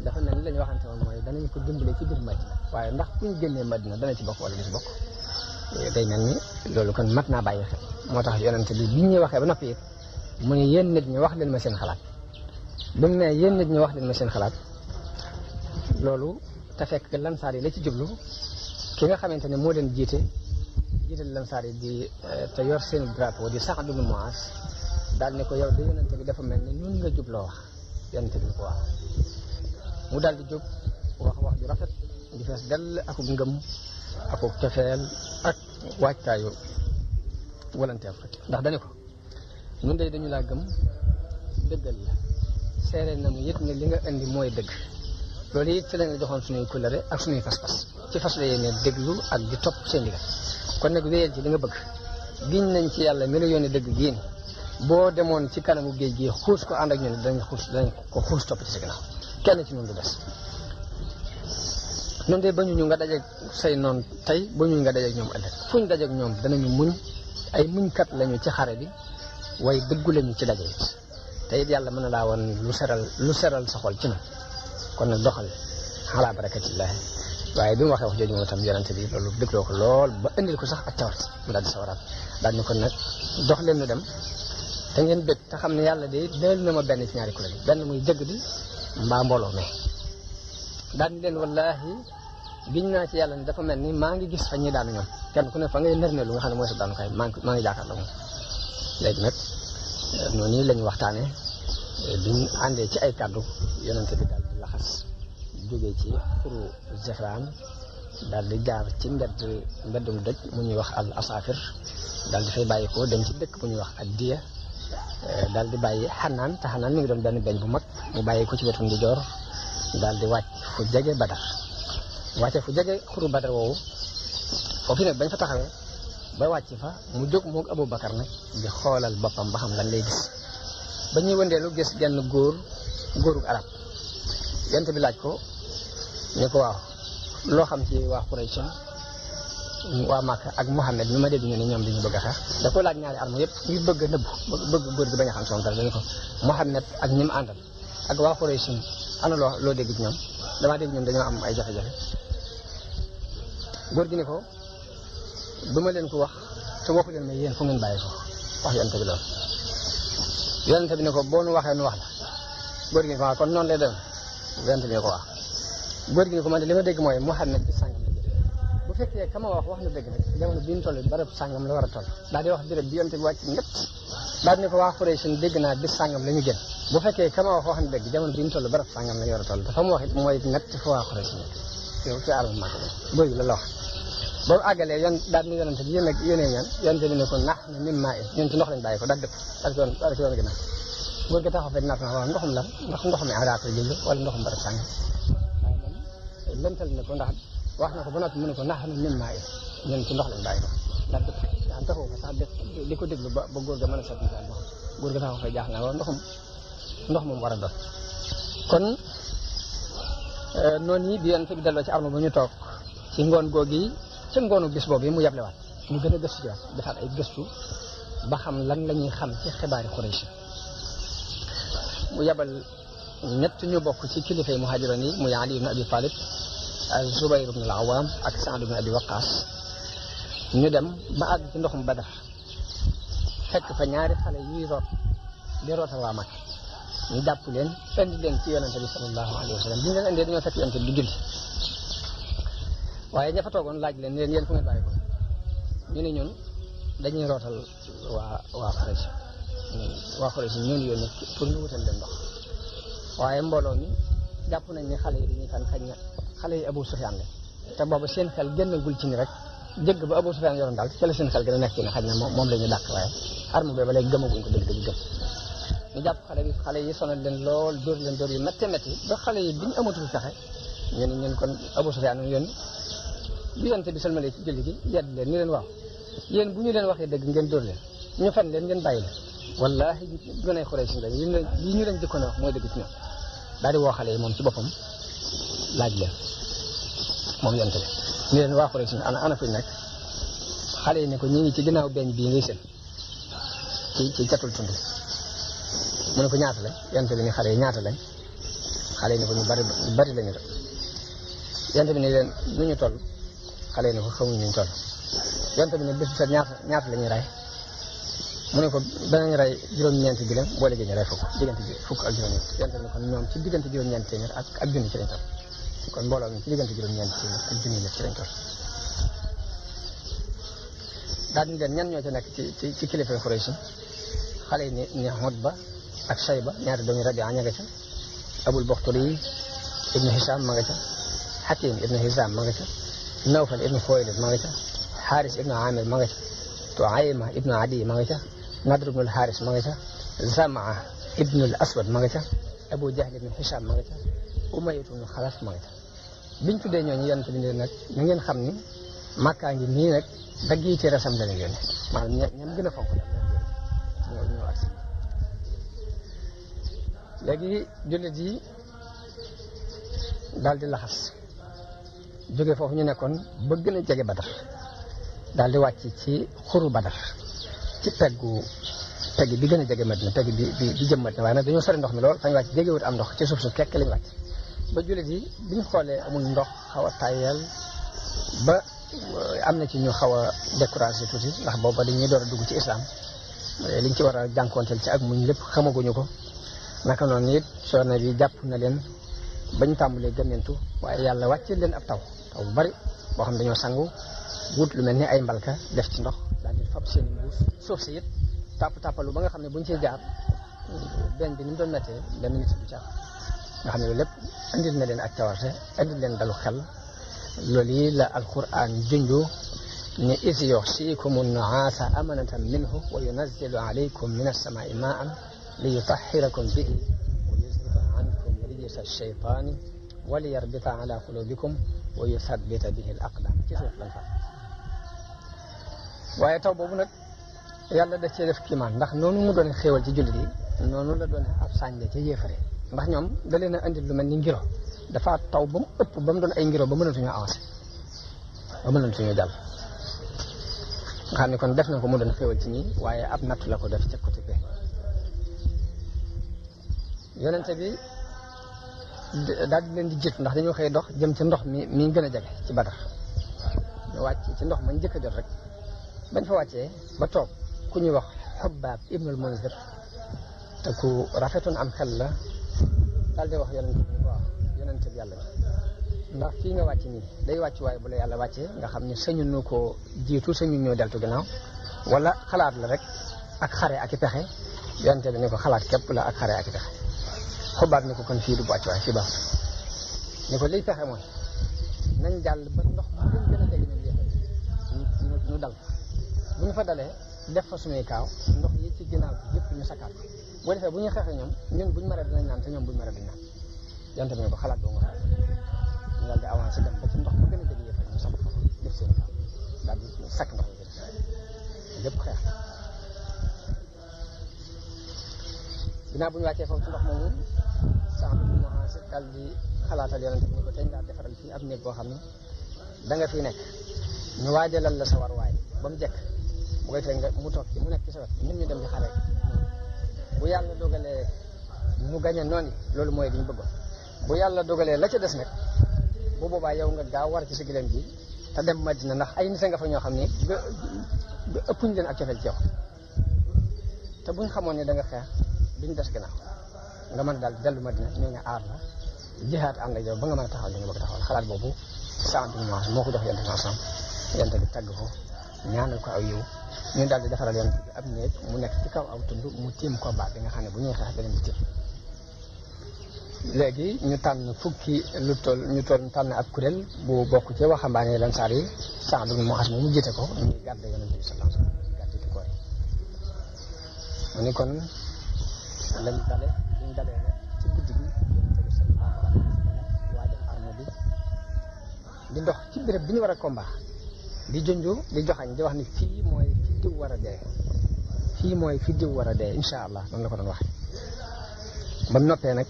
dafa mel ni la ñu waxante woon mooy danañ ko dimbale ci biir Madina waaye ndax ku ñu génnee Madina dana ci bokk wala du ci eh, day mel ni loolu kon mat naa bàyyi xel moo tax yonente bi bi ñuy waxee ba noppi mu yéen nit ñi wax leen ma seen xalaat bi mu ne yéen nit ñi wax leen ma seen xalaat loolu te fekk lansaar yi la ci jublu ki nga xamante ne moo leen jiite jiite lansaar yi di eh, te yor seen drapeau di Saad ibn Muaz daal ne ko yow de yonent bi dafa mel ne ñun nga jubloo wax yonent bi ko wax mu daal di jóg wax wax ju rafet di fees dell ak ngëm akub cofeel ak waajtaayu walanteer rek ndax dane ko ñun de dañu laa gëm dëggal la seere nañu yëpp ne li nga indi mooy dëgg loolu it ci lañu joxoon suñuy kulëre ak suñuy fas-fas ci fas la yéene déglu ak di topp seen ndigal kon nag wéyal ci li nga bëgg giñ nañ ci yàlla mi la yónni dëgg giin boo demoon ci kanamu géej gi xuus ko ànd ak ñun danañ xuus danañ ko xuus topp ci sa ginnaaw kenn ci ñun du des noonu de ba ñu nga dajeeg say noon tey ba ñu nga dajeeg ñoom ëllëg fu ñu dajeeg ñoom danañu muñ ay muñkat lañu ci xare bi waaye dëggu lañu ci daje it te it yàlla mën na laa woon lu seral lu seral sa xool ci na kon nag doxal ala barakatillahi waaye bi mu waxee wax jooju moom tam yonente bi loolu dégloo ko lool ba indil ko sax ak tawat mu daal di sawaraat dox leen ñu dem da ngeen bëgg te xam ne yàlla de dël na ma benn ci ñaari kuréel benn muy dëgg di mbaa mbooloo me daan leen wallahi biñ naa ci yàlla ne dafa mel ni maa ngi gis fa ñuy daanu ñoom kenn ku ne fa ngay nërne lu nga xam ne mooy sa daanukaay maa ngi maa ngi jaakaar la moom léegi nag euh, noonu lañ waxtaane euh, biñ àndee ci ay kàddu yonent bi daal di laxas jógee ci xuru zefraan daal di jaar ci mbedd mbeddum doj mu ñuy wax al asafir daal di fay bàyyi dem ci dëkk bu ñuy wax ak dia daal di bàyyi xanaan te xanaan mu ngi doon benn beñ bu mag mu bàyyi ko ci wetu ndijoor daal di wàcc fu jege badar wàcce fu jege xuru badar woowu foofu nag bañ fa taxawee ba wàcc fa mu jóg moog abou bakar nag di xoolal boppam ba xam lan lay gis ba ñuy wëndeelu gis genn góor góorug arab yent bi laaj ko ne ko waaw loo xam ci waa Quraysh waa Màkka ak Mouhamed mi ma dégg ñu ne ñoom dañu bëgg a xeex da ko laaj ñaari arme yëpp yu bëgg a nëbbu bëgg góor gi bañ a xam soom dara dañu ko ak ñi mu àndal ak waa Quraysh ana loo loo dégg ci ñoom damaa dégg ñoom dañoo am ay jafe-jafe góor gi ne ko du ma leen ko wax te waxu leen ne yéen fu ngeen bàyyi ko wax yonent bi loolu yonent bi ne ko boo nu waxee nu wax la góor gi ne ko ah, kon noonu lay dem yonent ko wax ah. góor gi ne ko man de li ma dégg mooy Mouhamed bi sànq fekkee kama wax wax na dëgg nag jamono bi ñu toll barab sàngam la war a toll wax béréb bi yonte bi wàcc ñëpp daal ne ko waa Quraysh dégg naa bis sàngam la ñu jël bu fekkee kama wax wax na dëgg jamono bi ñu toll barab sàngam la ñu war a toll dafa mu wax it mooy ñett fa waa Quraysh nekk yow ci àll màgg la boobu la la wax boobu àggalee yon daal bi yéen ak yéenee ñaan yonente bi ne na mim maa in ñun ci ndox lañ bàyyi ko daal dëpp ak yoon ak yoon na waaw ndoxum lan ndox ndox mi araa ko jël wala ndoxum barab sàngam waaye moom lëntal na واحنا ربنا تمنى كنا نحن من ماي إيه؟ من كنا خلنا باي لا أنت هو مثلا بيت ليكو ديك بقول زمان سبعين سنة بقول كنا هو في جاهنا نحن نحن مبارد كن آه، نوني بيان في بدل بس أرنو بني توك سينغون غوغي سينغون بس بوبي مو يبلي وات مو كده بس جاس دفع إيد بسو بخم لان لان يخم في خبر خريش مو يبل نت نيو بوكسي كل في مهاجرني مو يعلي نبي فالت Zubayr ibn al-Awwam ak Saad ibn Abi ñu dem ba àgg ci ndoxum Badar fekk fa ñaari xale yuy root di rootal waa mag ñu jàpp leen indi leen ci yonente bi sallallahu alayhi wa sallam bi ñu leen indee waaye ña fa toogoon laaj leen leen yéen fu ngeen bàyyi ko ñu ne ñun dañuy rootal waa waa xarit waa xarit ñun yónni ñu wutal leen ndox waaye mbooloo mi jàpp nañ ne xale yi xale yi Abu Sufyaan la te boobu seen xel génnagul ci ni rek dégg ba Abu Sufyaan yoroon daal ci la seen xel gën a nekk ci ne xaj na moom la ñu dàq waaye arme bi ba léegi gëmaguñ ko dëgg dëgg gëm ñu jàpp xale bi xale yi sonal leen lool dóor leen dóor yu métti métti ba xale yi bi ñu amatul fexe ñu ne ñun kon Abu Sufyaan yéen bi yonte bi salmalee ci julli gi yedd leen ni leen waaw yéen bu ñu leen waxee dëgg ngeen dóor leen ñu fen leen ngeen bàyyi leen wallahi gën ay xuree si lañ yi ñu leen jëkkoon a wax mooy dëgg ci ñoom daal di woo xale yi moom ci boppam laaj leen moom yonent bi ni leen waa Quraysh ana ana fuñ nekk xale yi ne ko ñi ngi ci ginnaaw beñ bii ngay seen ci ci catul tund mu ne ko ñaata lañ yonent bi ni xale yi ñaata lañ xale yi ne ko bari bari lañu de yonent bi ne leen nu ñu toll yi ñu toll yonent bi ne bés bu set ñaata ñaata la ñuy rey mu ne ko danañ rey juróom-ñeenti gileem rey ak juróom-ñeent yonent bi ne kon ñoom juróom-ñeent téeméer ak ak junni ci lañ toll kon mbooloo mi ci diggante juróom-ñeent ci ak junni nit ci lañ toll daal ñu leen ñan ñoo ci nekk ci ci ci kilifa Quraysh xale yi ni ni Utba ak Shayba ñaari doomi Rabia ña nga ca Abul Baxturi ibnu Hisham ma nga ca Hakim ibnu Hisham ma nga ca Nawfal ibnu Xuwaylid ma nga ca Xaaris ibnu Amir ma nga ca Tuayma ibnu Adi ma nga ca Nadr ibnu Xaaris ma nga ca Zamaa ibnu Aswad ma nga ca Abu Jahl ibnu Hisham ma nga ca umayatun xalas mooy biñ tuddee ñooñu yonent bi ne nag na ngeen xam ni màkkaa ngi nii nag dagg yi ci resam dana yónni maanaam ñam gën a fonk ñoo ñëwaat léegi jullit yi daal laxas jóge foofu ñu nekkoon ba gën a jege Badar daal di wàcc ci xuru Badar ci peggu pegg bi gën a jege Madina pegg bi bi jëm Madina waaye nag dañoo sori ndox mi lool fañ wàcc jegewut am ndox ci suuf suuf kekk lañ wàcc ba jullit yi bi xoolee amuñ ndox xaw a ba euh, am na ci ñu xaw a découragé tuuti ndax booba dañuy door a dugg ci islam euh, liñ ci war a jànkoonteel ci ak muñ lépp xamaguñu ko naka noonu it coono bi jàpp na leen bañ tàmbalee gëmmentu waaye yàlla wàcce leen ab taw taw bu bari boo xam dañoo sangu wut lu mel ni ay mbalka def ci ndox daal di fab seen mbuus suuf si it tàpp tàppalu ba nga xam ne buñ ciy jaar euh, benn bi ni mu doon méttee benn nit bu caaf nga xam ne loolu lépp andil na leen ak cawarte andil leen dalu xel loolu yi la alquran junju ni is yuxsikum annaasa amanatan minhu wa yunazzilu alaykum min alsamai maan liyutahirakum bihi wa yusrifa ankum rijsa alshaytani wa liyarbita ala qulubikum wa yuthabbita bihi alaqdam ci suuf lan fa waaye taw boobu nag yàlla da cee def kiimaan ndax noonu mu doon xéewal ci jullit yi noonu la doon ab sànja ca yéefare ndax ñoom da leen a andil lu mel ni ngiro dafa taw ba mu ëpp ba mu doon ay ngiro ba mënatuñu avancé ba mënatuñu jàll nga xam ne kon def na ko mu doon xéwal ci ñii waaye ab natt la ko def ca côté bi yonente bi daal di leen di jëf ndax dañu xëy dox jëm ci ndox mi mi gën a jage ci badar ñu wàcc ci ndox ma njëkk a jot rek bañ fa wàccee ba toog ku ñuy wax xubbaab ibnul munzir te ku rafetoon am xel la daal di wax yonent bi waaw yonent yàlla bi ndax fii nga wàcc nii day wàcc waaye bu la yàlla wàccee nga xam ne sañu nu ko jiitu sañu ñoo deltu ginnaaw wala xalaat la rek ak xare ak i pexe yonent bi ko xalaat képp la ak xare ak i pexe xubaat ni ko kon fii du bu wàcc waaye fii baax ni ko liy pexe mooy nañ jàll ba ndox bu gën gën a fa dalee def fa suñuy kaaw ndox yi ci ginnaaw bi yëpp ñu sakkaat bu defee bu ñuy xeexee ñoom ñun buñ maree dinañ naan te ñoom buñ maree duñ naan yonte bi ne ba xalaat boobu nga xam ñu daal di avancé dem ba ci ndox mu gën a jege yëpp ñu samp ko def seen kaw daal di sakk ndox mi lépp xeex ginnaaw bu ñu wàccee foofu ci ndox moomu sànq bu ñu avancé daal di xalaatal yonente bi ne ko dañ laa defaral fii ab néeg boo xam ne da nga fi nekk ñu waajalal la sa war waay ba mu jekk bu koy fee nga mu toog ci mu nekk ci sa wet ñun ñu dem ci xale bu yàlla dogalee mu gañe noonu loolu mooy li ñu bëggoon bu yàlla dogalee la ca des nag bu boobaa yow nga gaaw war ci si gileem ji te dem Madina ndax ay nit nga fa ñoo xam ne nga ëppuñ leen ak cofeel ci yow te buñ xamoon ne da nga xeex duñ des gannaaw nga man daal dellu Madina ñu nga aar la jihaat ànd ak yow ba nga mën a taxaw la nga bëgg taxawal xalaat boobu cent mille moo ko jox yonte bi a yonte bi tagg ko ñaanal ko aw yiw ñu daal di defaral yonent bi ab néeg mu nekk ci kaw aw tund mu tiim combat bi nga xam ne bu ñuy xeex danañ tiim léegi ñu tànn fukki lu toll ñu toll tànn ab kuréel bu bokk ci waxambaane lan saar yi Saad ibn Muaaz mu jiite ko ñuy gàdde yonent bi sallallahu alayhi wasallam gàdde ci koor yi mu ni kon di dox ci béréb bi ñu war a combat di junj di joxañ di wax ni mooy fi war a dee mooy fi diw war a dee incha allah noonu la ko doon waxee ba noppee nag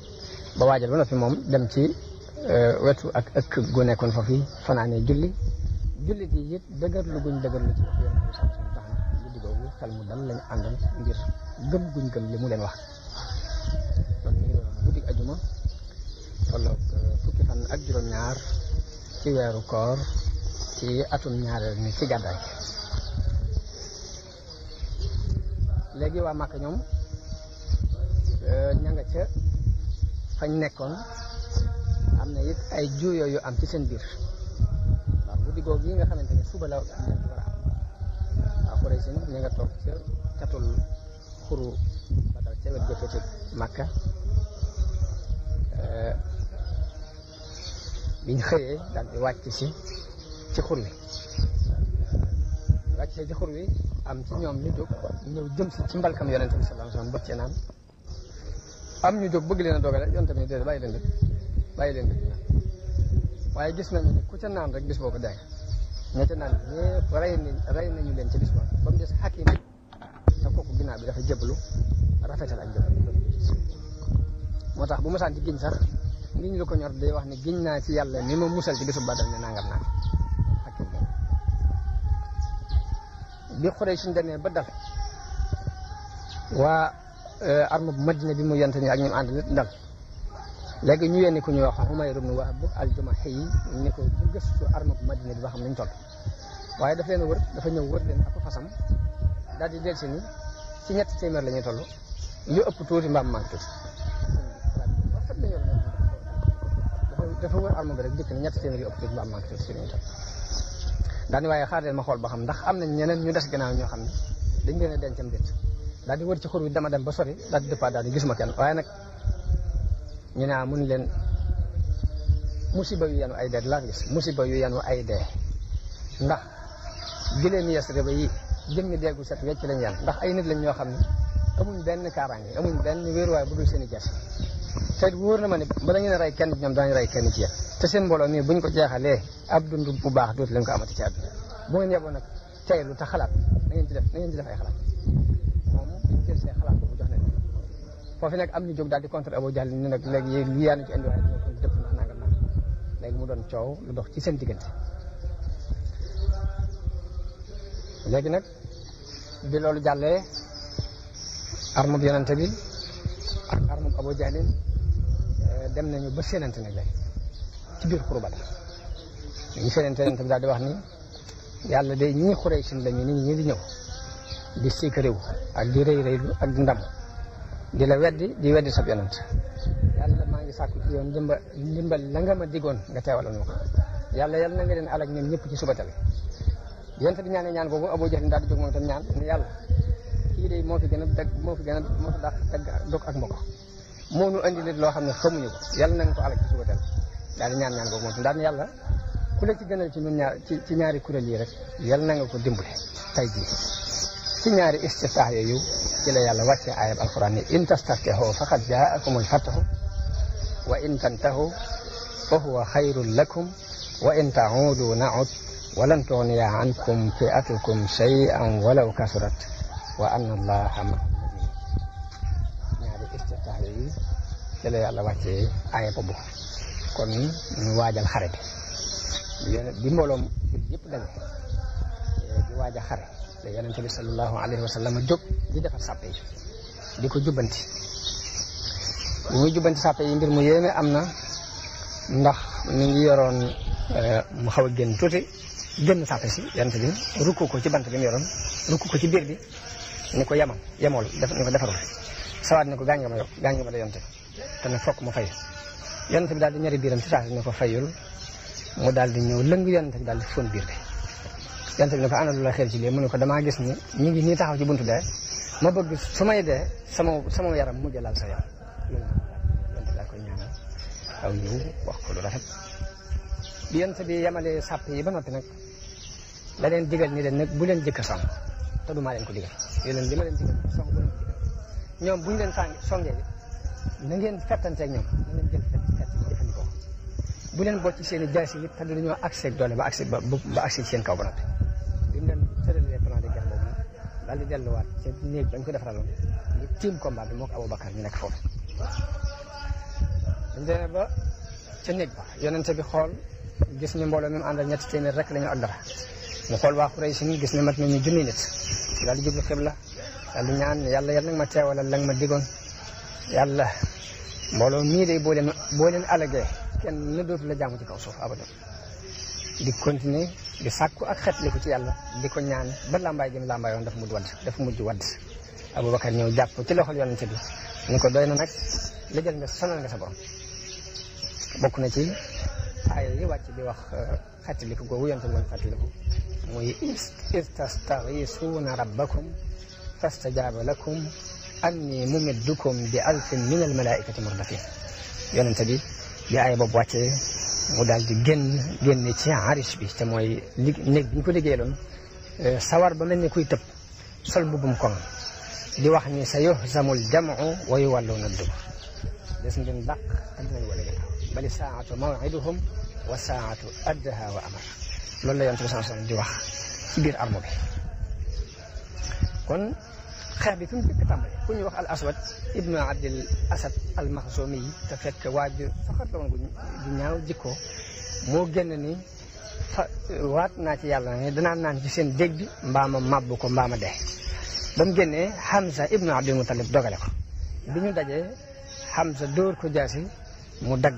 ba waajal ba noppi moom dem ci euh, wetu ak ëkk gu nekkoon fa fi fanaanee julli jullit yi it dëgër lu guñ dëgër lu ci wax yéen tax mu dal lañu àndal ngir gëm guñ gëm li mu leen wax kon guddi ajuma wala euh, fukki fan ak juróom-ñaar ci weeru koor ci atum ñaareel mi ci gàddaay léegi waa Màkka ñoom euh, ña ca fañ nekkoon am na it ay juuyoo yu am ci seen biir waaw guddi yi nga xamante ne suba la war a am waaw toog ca katul xuru ba euh, biñ xëyee daal di wàcc si ci xur wi wàcc ci xur wi am ci ñoom ñu jóg ñëw jëm si ci mbalkam yonent bi sallallahu alayhi wasallam bëgg naan am ñu jóg bëgg leen a dogale yonent bi déedéet bàyyi leen rek bàyyi gis nañu ne ku ca naan rek bis boo ko day ña ca naan ñëpp rey nañ rey leen ci bis boo ba mu des xakim te kooku ginnaaw bi dafa jëblu rafetal ak moo tax bu masaan saan ci giñ sax ngiñ lu ko ñor day wax ne giñ naa ci yàlla ni ma musal ci bisu badal ne nangam naa بقريش دنيا بدل و أرم بمدينة بميان تني أجمع عند ندل لكن يو يعني كنوا خهما يرمن وهب الجماهي نكو بجس أرم بمدينة بهم نجوك وهذا فين ورد فين ورد لأن أكو فصام لا تدري سني سنة تسمير لين تلو يو أبطوري ما مانتو دفعوا أرم بريدك سنة تسمير يو أبطوري ما مانتو سنة تسمير daal waaye xaar leen ma xool ba xam ndax am nañ ñeneen ñu des gannaaw ñoo xam ne dañ leen a dencam déet daal di wër ci xur bi dama dem ba sori daal di dëppaat daal di gisuma kenn waaye nag ñu a ah, mun leen musiba yu yenu ay dee laa gis musiba yu yenu ay dee ndax giléem yes reba yi jëmmi deegu set wecc lañ yan ndax ay nit lañ ñoo xam ne amuñ benn kaaraange amuñ benn wéeruwaay bu dul seen i ges te wóor na ma ne bala ngeen a rey kenn ci ñoom daañu kenn ci te seen mbooloo mii buñ ko jeexalee ab dund bu baax dootu lañ ko amati ci àdduna bu ngeen yeboon nag teylu te xalaat na ngeen ci def na def ay xalaat moom dañu jël seen xalaat boobu jox leen nag am ñu jóg daal di contre Abu Jahl ne nag léegi yéen lii yaa ci léegi mu doon coow lu dox ci seen diggante léegi nag bi loolu jàllee armab yonente bi ak armab Abu dem nañu ba séenante nag lay ci biir xurba bi ñu séenante nag daal di wax ni yàlla day ñii xuree sin lañu ñu ñi di ñëw di siik réew ak di rëy rëylu ak di ndam di la weddi di weddi sab yonent yàlla maa ngi sàkku ci yoon ndimbal ndimbal la nga ma diggoon nga teewalal ma ko yàlla yàlla na nga leen alak ñoom ñëpp ci suba teel yonent bi ñaanee ñaan boobu Abu Jahl daal di jóg moom itam ñaan ni yàlla kii day moo fi gën a dëgg moo fi gën a moo fi dàq dëgg ak mbokk moo ñu andi nit loo xam ne xamuñu ko yàlla nañ ko alal ci suba dem daal di ñaan ñaan boobu moom daan yàlla ku la ci gënal ci ñun ñaar ci ci ñaari kuréel yi rek yàlla na nga ko dimbale tey jii ci ñaari istiftaax yooyu ci la yàlla wàccee ayab alquran ni in tastaftixoo faqad jaakumul fatahu wa in tantahu fa huwa xayrun lakum wa in taudu naud walan tugniya ankum fiatukum shay'an walaw kasurat wa anna allaha ci la yàlla wàccee aaya boobu kon ñu waajal xare bi bi mbooloom yëpp daje di waaj a xare te yonente bi sallallahu alayhi wa jóg di defar sàppe yi di ko jubbanti bu muy jubbanti sàppe yi mbir mu yéeme am na ndax mi ngi yoroon eh, mu xaw a génn tuuti génn sàppe si yonente bi rukku ko ci bant bi mu yoroon rukku ko ci biir bi ni ko yamal yemool def ni ko defarul sawaat ni ko gaañ nga ma yow gaañ nga ma da yonte te ne fokk mu fay yonent bi daal di ñari biiram si saa ne ko fayul mu daal di ñëw lëng yonent bi daal di fóon biir bi yonent bi ne ko ana lu la xel ci lii mu ne ko damaa gis ni ñu ngi nii taxaw ci buntu dee ma bëgg su may dee sama sama yaram mujj laal sa yaram loolu yonent bi daal koy ñaanal aw yiw wax ko lu rafet bi yonent bi yemale sàpp yi ba noppi nag da leen digal ni leen nag bu leen jëkk song te du maa leen ko digal yo ma leen digal song ñoom bu ñu leen sàngi songee na ngeen fettanteeg ñoom na ngeen jël fett fett jëfandikoo bu leen boot ci seen i jaasi yi te dañoo accès ak doole ba accès ba ba accès ci seen kaw ba noppi. bi mu leen tëralee plan de guerre boobu daal di delluwaat ca néeg bañ ko defaraloon ñu tiim combat bi moo ko Aboubacar ñu nekk foofu. dañ demee ba ca néeg ba yonente bi xool gis ñu mbooloo mi mu àndal ñetti téeméer rek la ñu ak mu xool waa Quraysh ñu gis ne mat nañu junni nit daal di jublu xibla daal di ñaan yàlla yàlla nag ma teewalal la nga ma digoon. yàlla mbooloo mii day boo leen boo leen alagee kenn dootu la jaamu ci kaw sof abadan di continuer di sakku ak xetli ko ci yalla di ko ñaan ba lambay gi lambay mu làmbaayoon dafa mujj wadd dafa mujj wadd Abubakar ñëw jàpp ci loxol ci bi ni ko doyna nak la jël nga sonal nga sa borom bokku na ci ay yi wacc di wax xetli ko go wu yonent bi fatli ko moy istastaghisuna rabbakum fastajaba lakum anni mumiddukum bi alfin min al malaikati murdafin yonente bi ay boobu wàccee mu daal di génn génn ci arish bi te mooy li néeg sawar ba mel ni kuy tëb sol bubbum di wax ni sa yuhzamul jamu wa yuwalluna dubur des ngeen dàq te dinañ wala wa saatu addaha wa amara loolu la yonente di wax ci armo bi xeex bi fi mu jëkk tàmbalee ku ñuy wax al ibnu abdil asad al maxsoomi yi te fekk waaju faxat la woon gu ñaaw jikkoo moo génn ni fa waat naa ci yàlla ne danaa naan ci seen dégg bi mbaama màbb ko mbaama dee ba mu génnee Hamza ibnu abdil mutalib dogale ko bi ñu dajee Hamza dóor ko jaasi mu dagg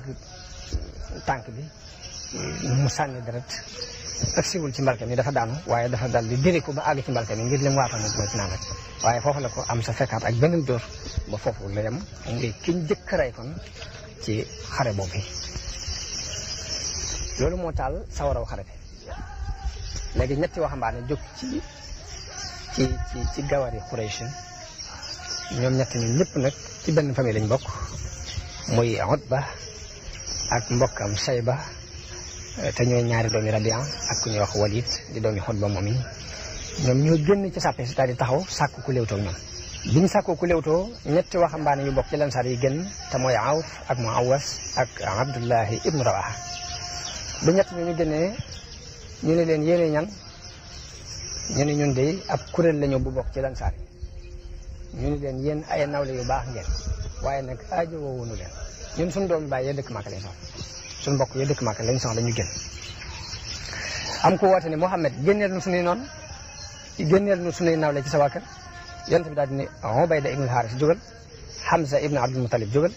tànk bi mu sànni deret agsiwul ci mbarke mi dafa daanu waaye dafa dal di diri ko ba àgg ci mbarke mi ngir lim waatoon moom dina ci naanat waaye foofu la ko am sa fekkaat ak beneen dóor ba foofu la yem ngay kiñ jëkk rey kon ci xare boobu loolu moo taal sawaraw xare bi léegi ñetti waxambaane jóg ci ci ci gawari Quraysh ñoom ñett ñi ñëpp nag ci benn famille lañ bokk muy Utba ak mbokkam Sayba te ñooy ñaari doomi Rabia ak ku ñuy wax Walid di doomi Xutba moom yi ñoom ñoo génn ci sàppe si daal di taxaw sàkk ku léewtoo ñoom bi ñu sàkkoo ku léewtoo ñetti wax waxambaane yu bokk ci lan yi génn te mooy Awf ak mu awas ak Abdullahi ibnu Rawaha bi ñett ñu génnee ñu ne leen yéene ñan ñu ne ñun de ab kuréel lañu bu bokk ci lan yi ñu ne leen yéen ay nawle yu baax ngeen waaye nag aajo woowunu leen ñun suñ doomi bàyyi dëkk Màkka lañ sax suñu mbokk yooyu dëkk Màkka lañ soxla ñu génn am ko woote ne Mouhamed génneel nu suñuy noonu génneel nu suñuy nawle ci sa waa kër yonent bi daal di ne Ubayda ibn Haaris jógal Hamza ibn Abdul Muttalib jógal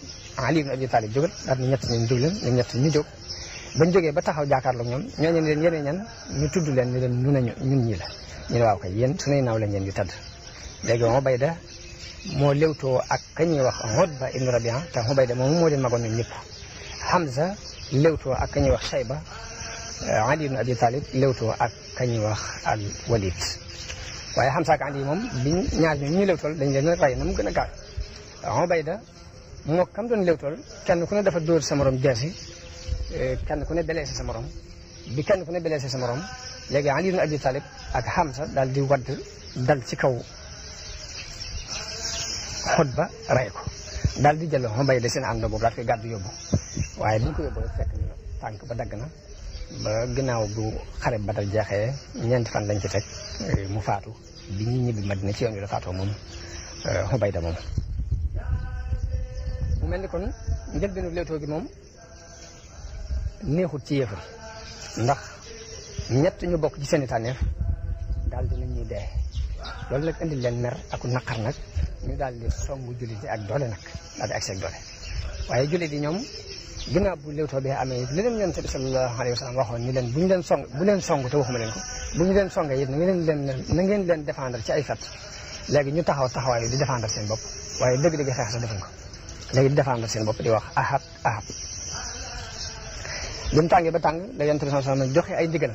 Ali ibn Abi Talib jógal daal di ne ñett ñu jóg leen ñoom ñett ñu jóg ba jógee ba taxaw look ñoom ñooñu leen yeneen ñan ñu tudd leen ni leen nu nañu ñun ñi la ñu ne waaw kay yéen suñuy nawle ngeen di tàdd léegi Ubayda moo léwtoo ak ka ñuy wax Utba ibn Rabi'a te Ubayda moom moo leen magoon ñoom léwtoo ak kañuy wax Shayba Ali ibn Abi Talib léwtoo ak kañuy wax al Walid waaye Hamza ak Ali moom biñ ñaar ñoom ñu léwtool dañ leen rey na mu gën a gaaw Ubayda moo kam doon léwtool kenn ku ne dafa dóor sa morom jaasi kenn ku ne blessé sa morom bi kenn ku ne blessé sa morom léegi Ali ibn Abi Talib ak Hamza daal di wadd dal ci kaw xutba rey ko daal di jël Ubayda seen ànd boobu daal koy gàddu yóbbu waaye bu ko yóbboo fekk na tànk ba dagg na ba gannaaw bu xare Badar jeexee ñeent fan lañ ci teg eh, mu faatu bi ñu ñibbi Madina ci yoon wi la faatoo moom eh, da moom. mu mel ni kon njëlbeenu leetoo gi moom neexut ci yéefar ndax ñett ñu bokk ci seeni i tànneef daal dina ñuy dee loolu nag indi leen mer ak naqar nag ñu daal di songu jullit yi ak doole nag daal di agsi ak doole waaye jullit yi ñoom ginnaaw bu léewtoo bee amee li leen yonent bi sallallahu alayhi wa sallam waxoon ni leen bu ñu leen song bu leen song te waxuma leen ko bu ñu leen songee it na ngeen leen na ngeen leen défendre ci ay fett léegi ñu taxaw taxawaay di défendre seen bopp waaye dëgg-dëgg xeex sax defuñ ko léegi di défendre seen bopp di wax ahab ahab bi mu tàngee ba tàng la yonent bi sallallahu alayhi wa sallam joxe ay ndigal